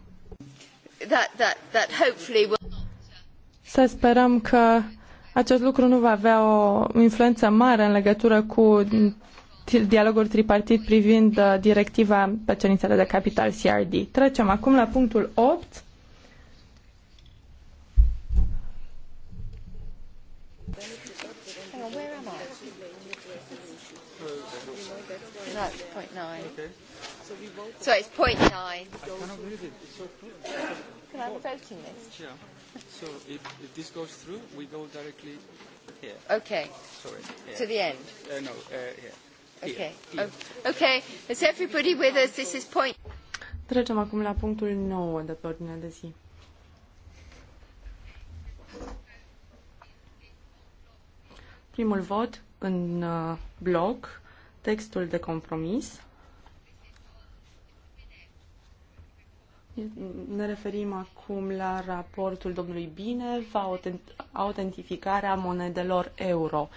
Să sperăm că acest lucru nu va avea o influență mare în legătură cu dialogul tripartit privind uh, directiva pe cerințele de capital CRD. Trecem acum la punctul 8. So it's point nine. I cannot read it. It's so clear. Can I have a this? Yeah. So if, if this goes through, we go directly here. Okay. Sorry. Here. To the end. Uh, no, uh, here. Okay. Oh, okay. Is everybody with us? This is point. Trecem acum la punctul 9 de pe ordinea de zi. Primul vot în uh, bloc, textul de compromis. Ne referim acum la raportul domnului Bine, autentificarea monedelor euro.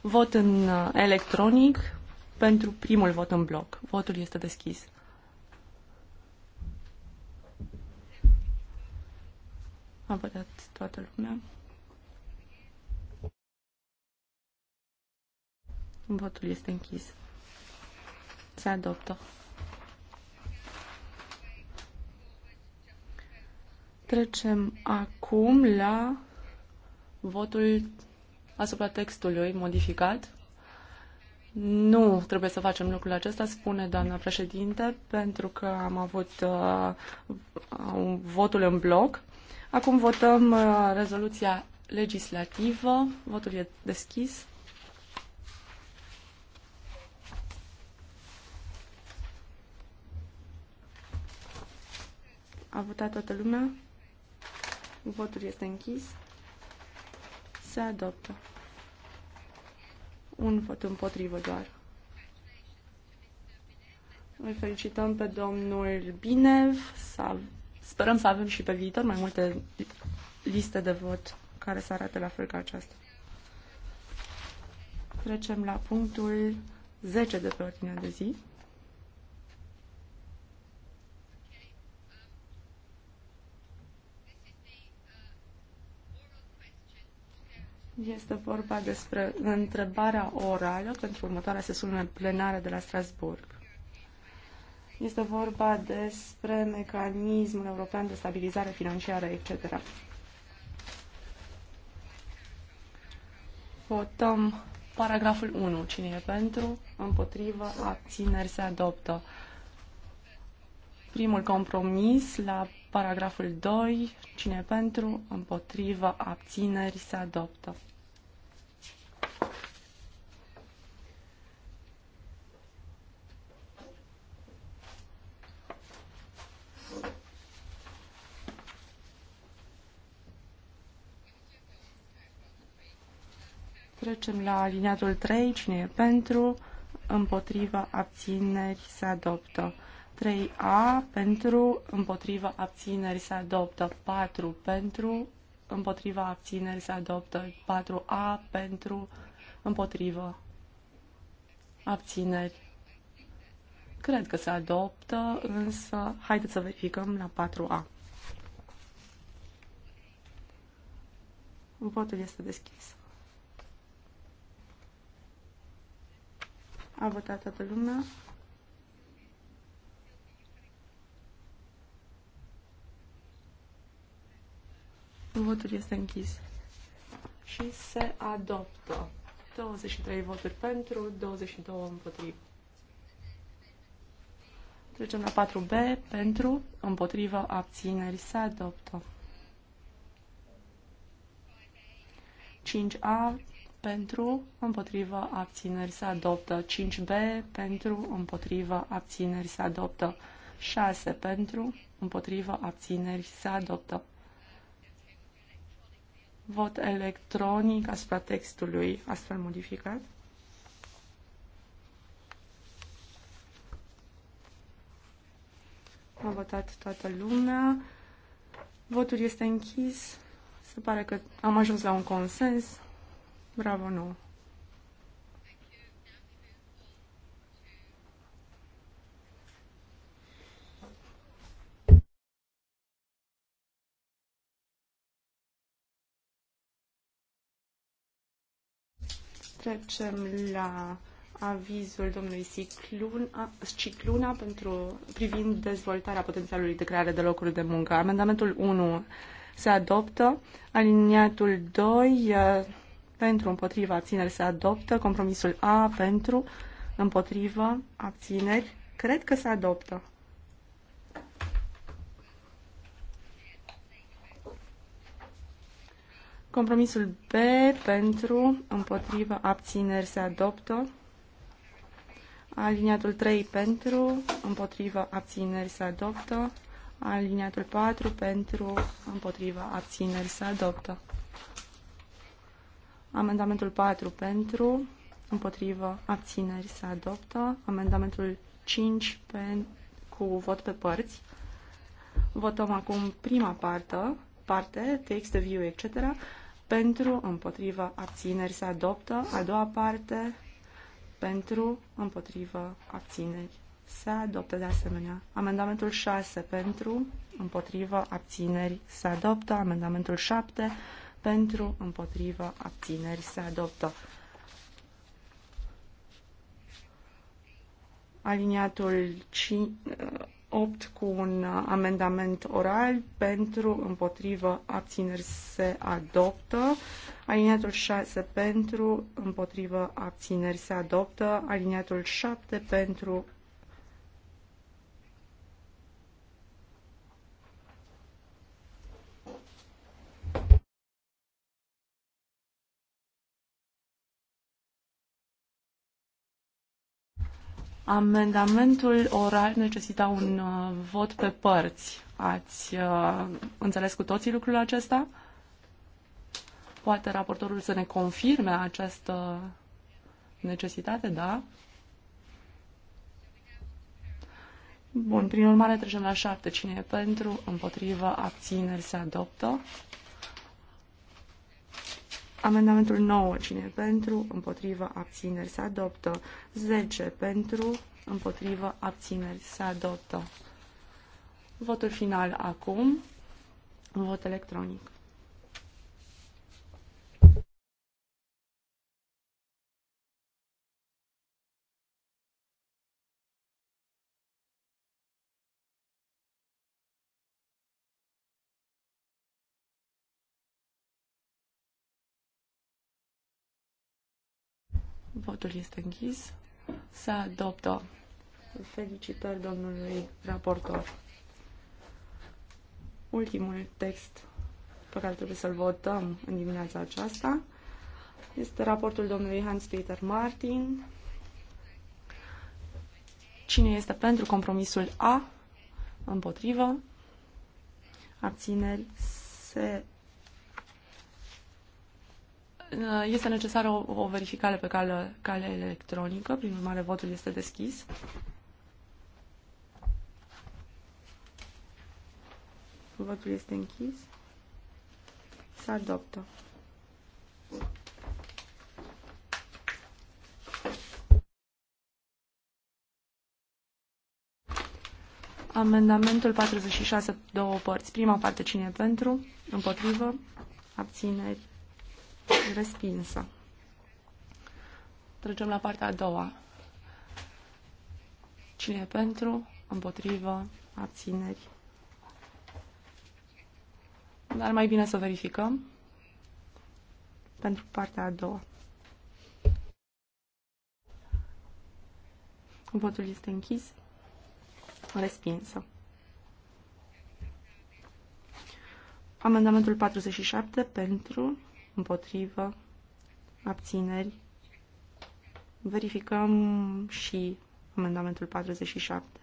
Vot în uh, electronic, pentru primul vot în bloc. Votul este deschis. A votat toată lumea. Votul este închis. Se adoptă. Trecem acum la votul asupra textului modificat. Nu trebuie să facem lucrul acesta, spune doamna președinte, pentru că am avut uh, votul în bloc. Acum votăm uh, rezoluția legislativă. Votul e deschis. A votat toată lumea. Votul este închis. Se adoptă. Un vot împotrivă doar. Îl felicităm pe domnul Binev. Să sperăm să avem și pe viitor mai multe liste de vot care să arate la fel ca aceasta. Trecem la punctul 10 de pe ordinea de zi. Este vorba despre întrebarea orală pentru următoarea sesiune plenară de la Strasburg. Este vorba despre mecanismul european de stabilizare financiară, etc. Votăm paragraful 1. Cine e pentru? Împotrivă? Abțineri se adoptă. Primul compromis la Paragraful 2. Cine pentru, împotrivă, abțineri, se adoptă. Trecem la aliniatul 3. Cine e pentru, împotriva, abțineri, se adoptă. 3A pentru, împotriva abținerii se adoptă 4 pentru, împotriva abținerii se adoptă 4A pentru, împotriva abțineri. Cred că se adoptă, însă haideți să verificăm la 4A. Votul este deschis. A votat toată lumea. Votul este închis. Și se adoptă. 23 voturi pentru, 22 împotrivă. Trecem la 4B. Pentru, împotrivă, abțineri. Se adoptă. 5A pentru, împotrivă, abțineri se adoptă. 5B pentru, împotrivă, abțineri se adoptă. 6 pentru, împotrivă, abțineri se adoptă. Vot electronic asupra textului astfel modificat. A votat toată lumea. Votul este închis. Se pare că am ajuns la un consens. Bravo, nouă! Trecem la avizul domnului Cicluna, Cicluna pentru, privind dezvoltarea potențialului de creare de locuri de muncă. Amendamentul 1 se adoptă, aliniatul 2 uh, pentru împotriva abțineri se adoptă, compromisul A pentru împotriva abțineri cred că se adoptă. Compromisul B pentru, împotrivă, abțineri se adoptă. Aliniatul 3 pentru, împotrivă, abțineri se adoptă. Aliniatul 4 pentru, împotrivă, abțineri se adoptă. Amendamentul 4 pentru, împotrivă, abțineri se adoptă. Amendamentul 5 pen, cu vot pe părți. Votăm acum prima parte, parte, text, view, etc pentru, împotrivă, abțineri se adoptă. A doua parte, pentru, împotrivă, abțineri se adoptă de asemenea. Amendamentul 6 pentru, împotrivă, abțineri se adoptă. Amendamentul 7 pentru, împotrivă, abțineri se adoptă. Aliniatul 5, 8 cu un amendament oral pentru, împotrivă, abțineri se adoptă. Aliniatul 6 pentru, împotrivă, abțineri se adoptă. Aliniatul 7 pentru, Amendamentul oral necesita un uh, vot pe părți. Ați uh, înțeles cu toții lucrul acesta? Poate raportorul să ne confirme această necesitate, da? Bun, prin urmare trecem la șapte. Cine e pentru, împotrivă, abțineri, se adoptă. Amendamentul 9, cine pentru, împotrivă, abțineri, se adoptă. 10 pentru, împotrivă, abțineri, se adoptă. Votul final acum, vot electronic. Votul este închis. Se adoptă. Felicitări domnului raportor. Ultimul text pe care trebuie să-l votăm în dimineața aceasta este raportul domnului Hans-Peter Martin. Cine este pentru compromisul A? Împotrivă? Abțineri? Se Uh, este necesară o, o verificare pe cale, cale electronică, prin urmare votul este deschis. Votul este închis. Se adoptă. Amendamentul 46, două părți. Prima parte, cine pentru? Împotrivă? Abțineri? respinsă. Trecem la partea a doua. Cine e pentru, împotrivă, abțineri. Dar mai bine să verificăm pentru partea a doua. Votul este închis. Respinsă. Amendamentul 47 pentru împotrivă, abțineri. Verificăm și amendamentul 47.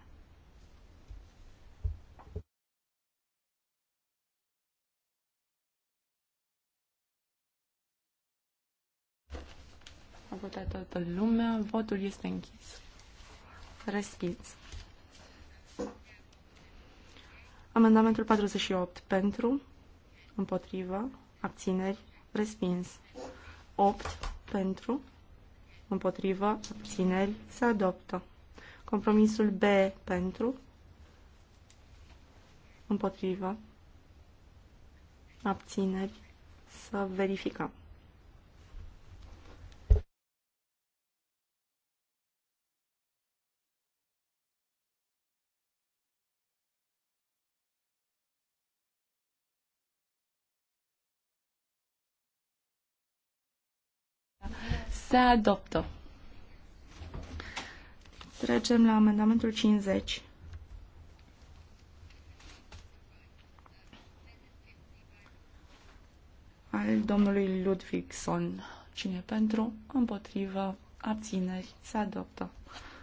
A votat toată lumea, votul este închis. Respins. Amendamentul 48 pentru, împotrivă, abțineri, respins. 8 pentru, împotrivă, abțineri, se adoptă. Compromisul B pentru, împotrivă, abțineri, să verificăm. se adoptă. Trecem la amendamentul 50. al domnului Ludvigson. Cine pentru, împotrivă, abțineri, se adoptă.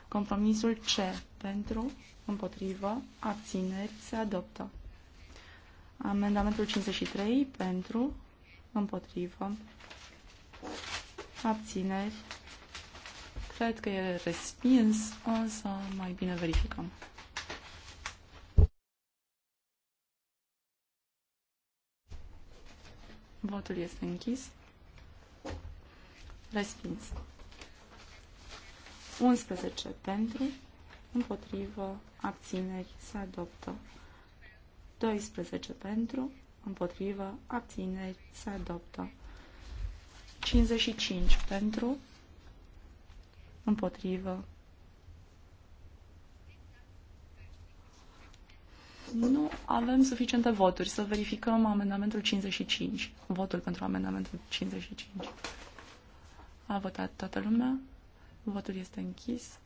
Compromisul C pentru, împotrivă, abțineri, se adoptă. Amendamentul 53 pentru, împotrivă, abțineri. Cred că e respins, însă mai bine verificăm. Votul este închis. Respins. 11 pentru, împotrivă, abțineri, se adoptă. 12 pentru, împotrivă, abțineri, se adoptă. 55 pentru, împotrivă. Nu avem suficiente voturi. Să verificăm amendamentul 55. Votul pentru amendamentul 55. A votat toată lumea. Votul este închis.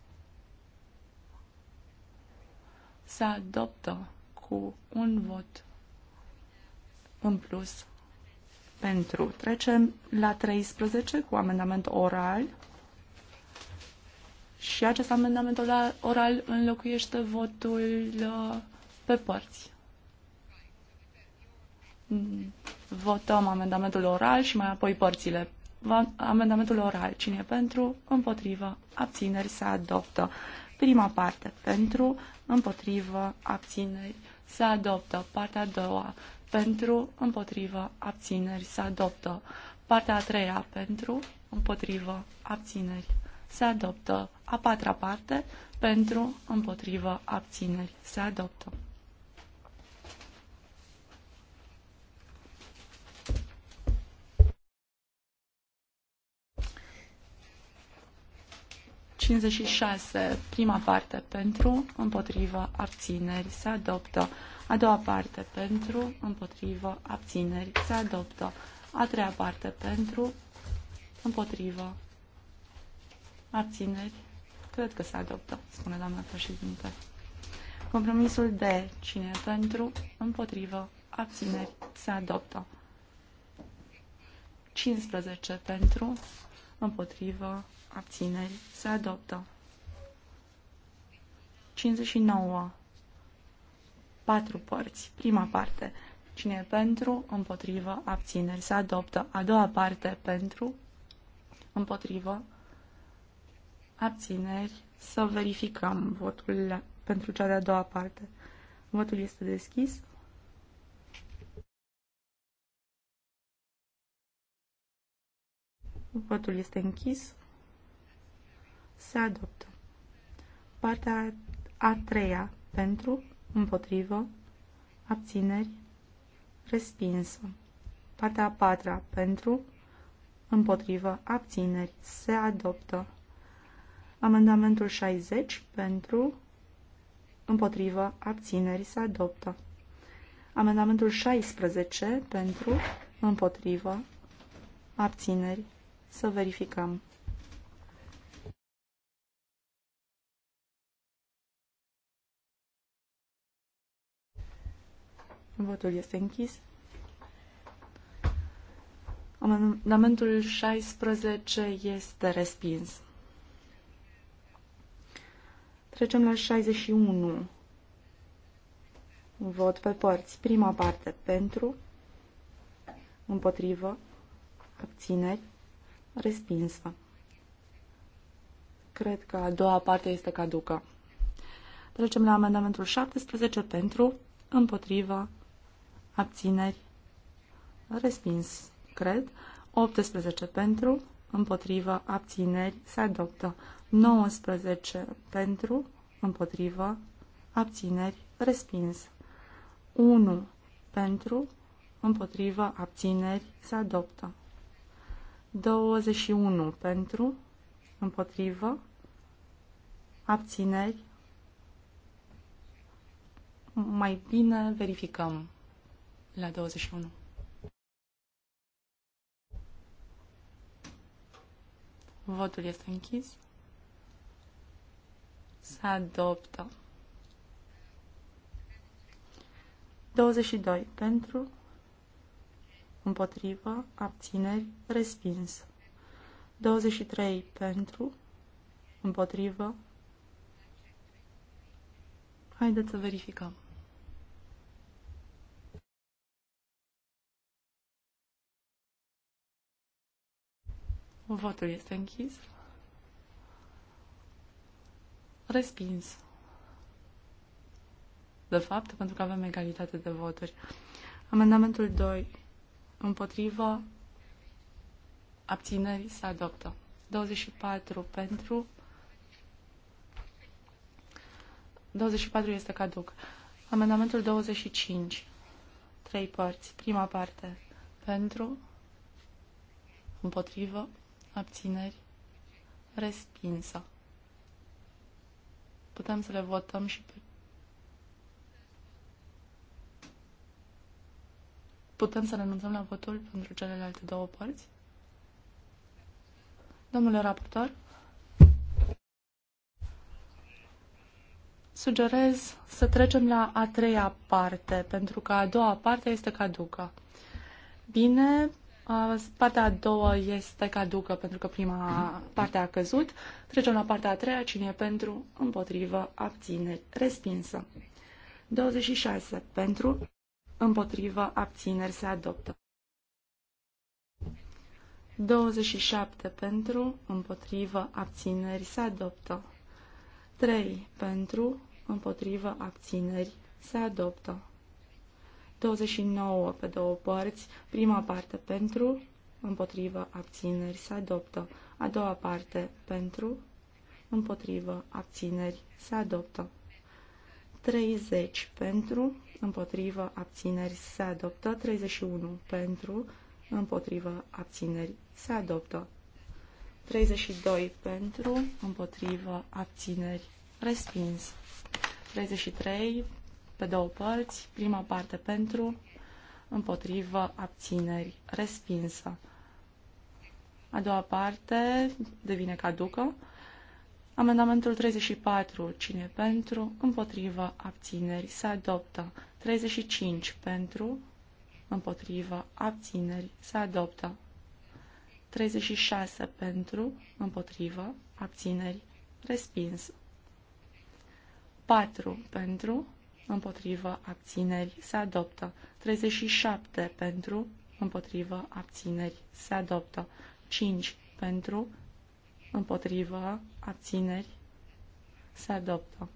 Se adoptă cu un vot în plus pentru. Trecem la 13 cu amendament oral. Și acest amendament oral înlocuiește votul uh, pe părți. Mm, votăm amendamentul oral și mai apoi părțile. Amendamentul oral. Cine e pentru? Împotrivă. Abțineri se adoptă. Prima parte. Pentru. Împotrivă. Abțineri se adoptă. Partea a doua pentru, împotrivă, abțineri, se adoptă. Partea a treia, pentru, împotrivă, abțineri, se adoptă. A patra parte, pentru, împotrivă, abțineri, se adoptă. 56, prima parte pentru, împotrivă, abțineri, se adoptă. A doua parte pentru, împotrivă, abțineri, se adoptă. A treia parte pentru, împotrivă, abțineri, cred că se adoptă, spune doamna președinte. Compromisul de cine pentru, împotrivă, abțineri, se adoptă. 15 pentru, împotrivă, abțineri, se adoptă. 59. Patru părți. Prima parte. Cine e pentru, împotrivă, abțineri, se adoptă. A doua parte, pentru, împotrivă, abțineri, să verificăm votul pentru cea de-a doua parte. Votul este deschis. Votul este închis se adoptă. Partea a treia pentru, împotrivă, abțineri, respinsă. Partea a patra pentru, împotrivă, abțineri, se adoptă. Amendamentul 60 pentru, împotrivă, abțineri, se adoptă. Amendamentul 16 pentru, împotrivă, abțineri, să verificăm. Votul este închis. Amendamentul 16 este respins. Trecem la 61. Vot pe părți. Prima parte pentru, împotrivă, abțineri, respinsă. Cred că a doua parte este caducă. Trecem la amendamentul 17 pentru, împotrivă, abțineri, respins, cred, 18 pentru, împotrivă, abțineri, se adoptă, 19 pentru, împotrivă, abțineri, respins, 1 pentru, împotrivă, abțineri, se adoptă, 21 pentru, împotrivă, abțineri, mai bine verificăm la 21. Votul este închis. Se adoptă. 22. Pentru, împotrivă, abțineri, respins. 23. Pentru, împotrivă. Haideți să verificăm. Votul este închis. Respins. De fapt, pentru că avem egalitate de voturi. Amendamentul 2. Împotrivă. Abțineri se adoptă. 24 pentru. 24 este caduc. Amendamentul 25. Trei părți. Prima parte. Pentru. Împotrivă abțineri, respinsă. Putem să le votăm și pe... Putem să renunțăm la votul pentru celelalte două părți? Domnule raportor? Sugerez să trecem la a treia parte, pentru că a doua parte este caducă. Bine, Partea a doua este caducă pentru că prima parte a căzut. Trecem la partea a treia. Cine e pentru? Împotrivă. abține, Respinsă. 26. Pentru. Împotrivă. Abțineri. Se adoptă. 27. Pentru. Împotrivă. Abțineri. Se adoptă. 3. Pentru. Împotrivă. Abțineri. Se adoptă. 29 pe două părți, prima parte pentru, împotrivă, abțineri, se adoptă. A doua parte pentru, împotrivă, abțineri, se adoptă. 30 pentru, împotrivă, abțineri, se adoptă. 31 pentru, împotrivă, abțineri, se adoptă. 32 pentru, împotrivă, abțineri, respins. 33 pe două părți. Prima parte pentru, împotrivă, abțineri, respinsă. A doua parte devine caducă. Amendamentul 34, cine pentru, împotrivă, abțineri, se adoptă. 35 pentru, împotrivă, abțineri, se adoptă. 36 pentru, împotrivă, abțineri, respins. 4 pentru, împotrivă, abțineri, se adoptă. 37 pentru, împotrivă, abțineri, se adoptă. 5 pentru, împotrivă, abțineri, se adoptă.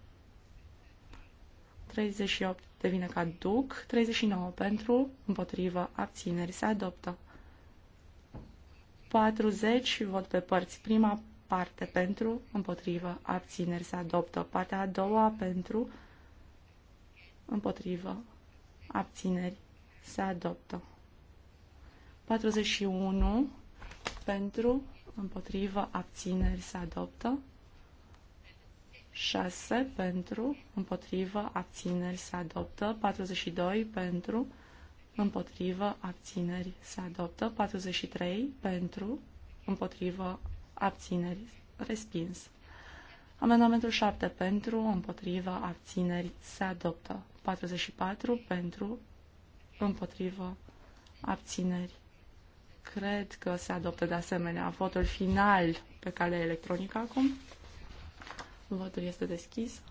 38 devine caduc, 39 pentru, împotrivă, abțineri, se adoptă. 40 vot pe părți. Prima parte pentru, împotrivă, abțineri, se adoptă. Partea a doua pentru, împotrivă, abțineri, se adoptă. 41 pentru, împotrivă, abțineri, se adoptă. 6 pentru, împotrivă, abțineri, se adoptă. 42 pentru, împotrivă, abțineri, se adoptă. 43 pentru, împotrivă, abțineri, respins. Amendamentul 7 pentru, împotriva, abțineri, se adoptă. 44 pentru, împotrivă, abțineri. Cred că se adoptă de asemenea votul final pe cale electronică acum. Votul este deschis.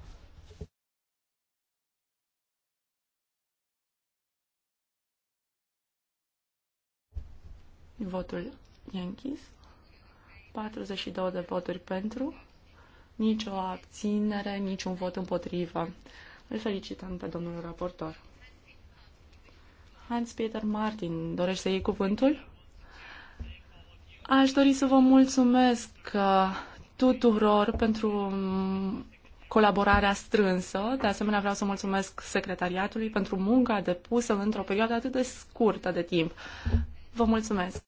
Votul e închis. 42 de voturi pentru, nicio abținere, niciun vot împotrivă. Îl felicităm pe domnul raportor. Hans-Peter Martin, dorești să iei cuvântul? Aș dori să vă mulțumesc uh, tuturor pentru um, colaborarea strânsă. De asemenea, vreau să mulțumesc secretariatului pentru munca depusă într-o perioadă atât de scurtă de timp. Vă mulțumesc!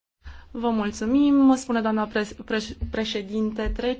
Vă mulțumim, spune doamna pre- pre- președinte. Trece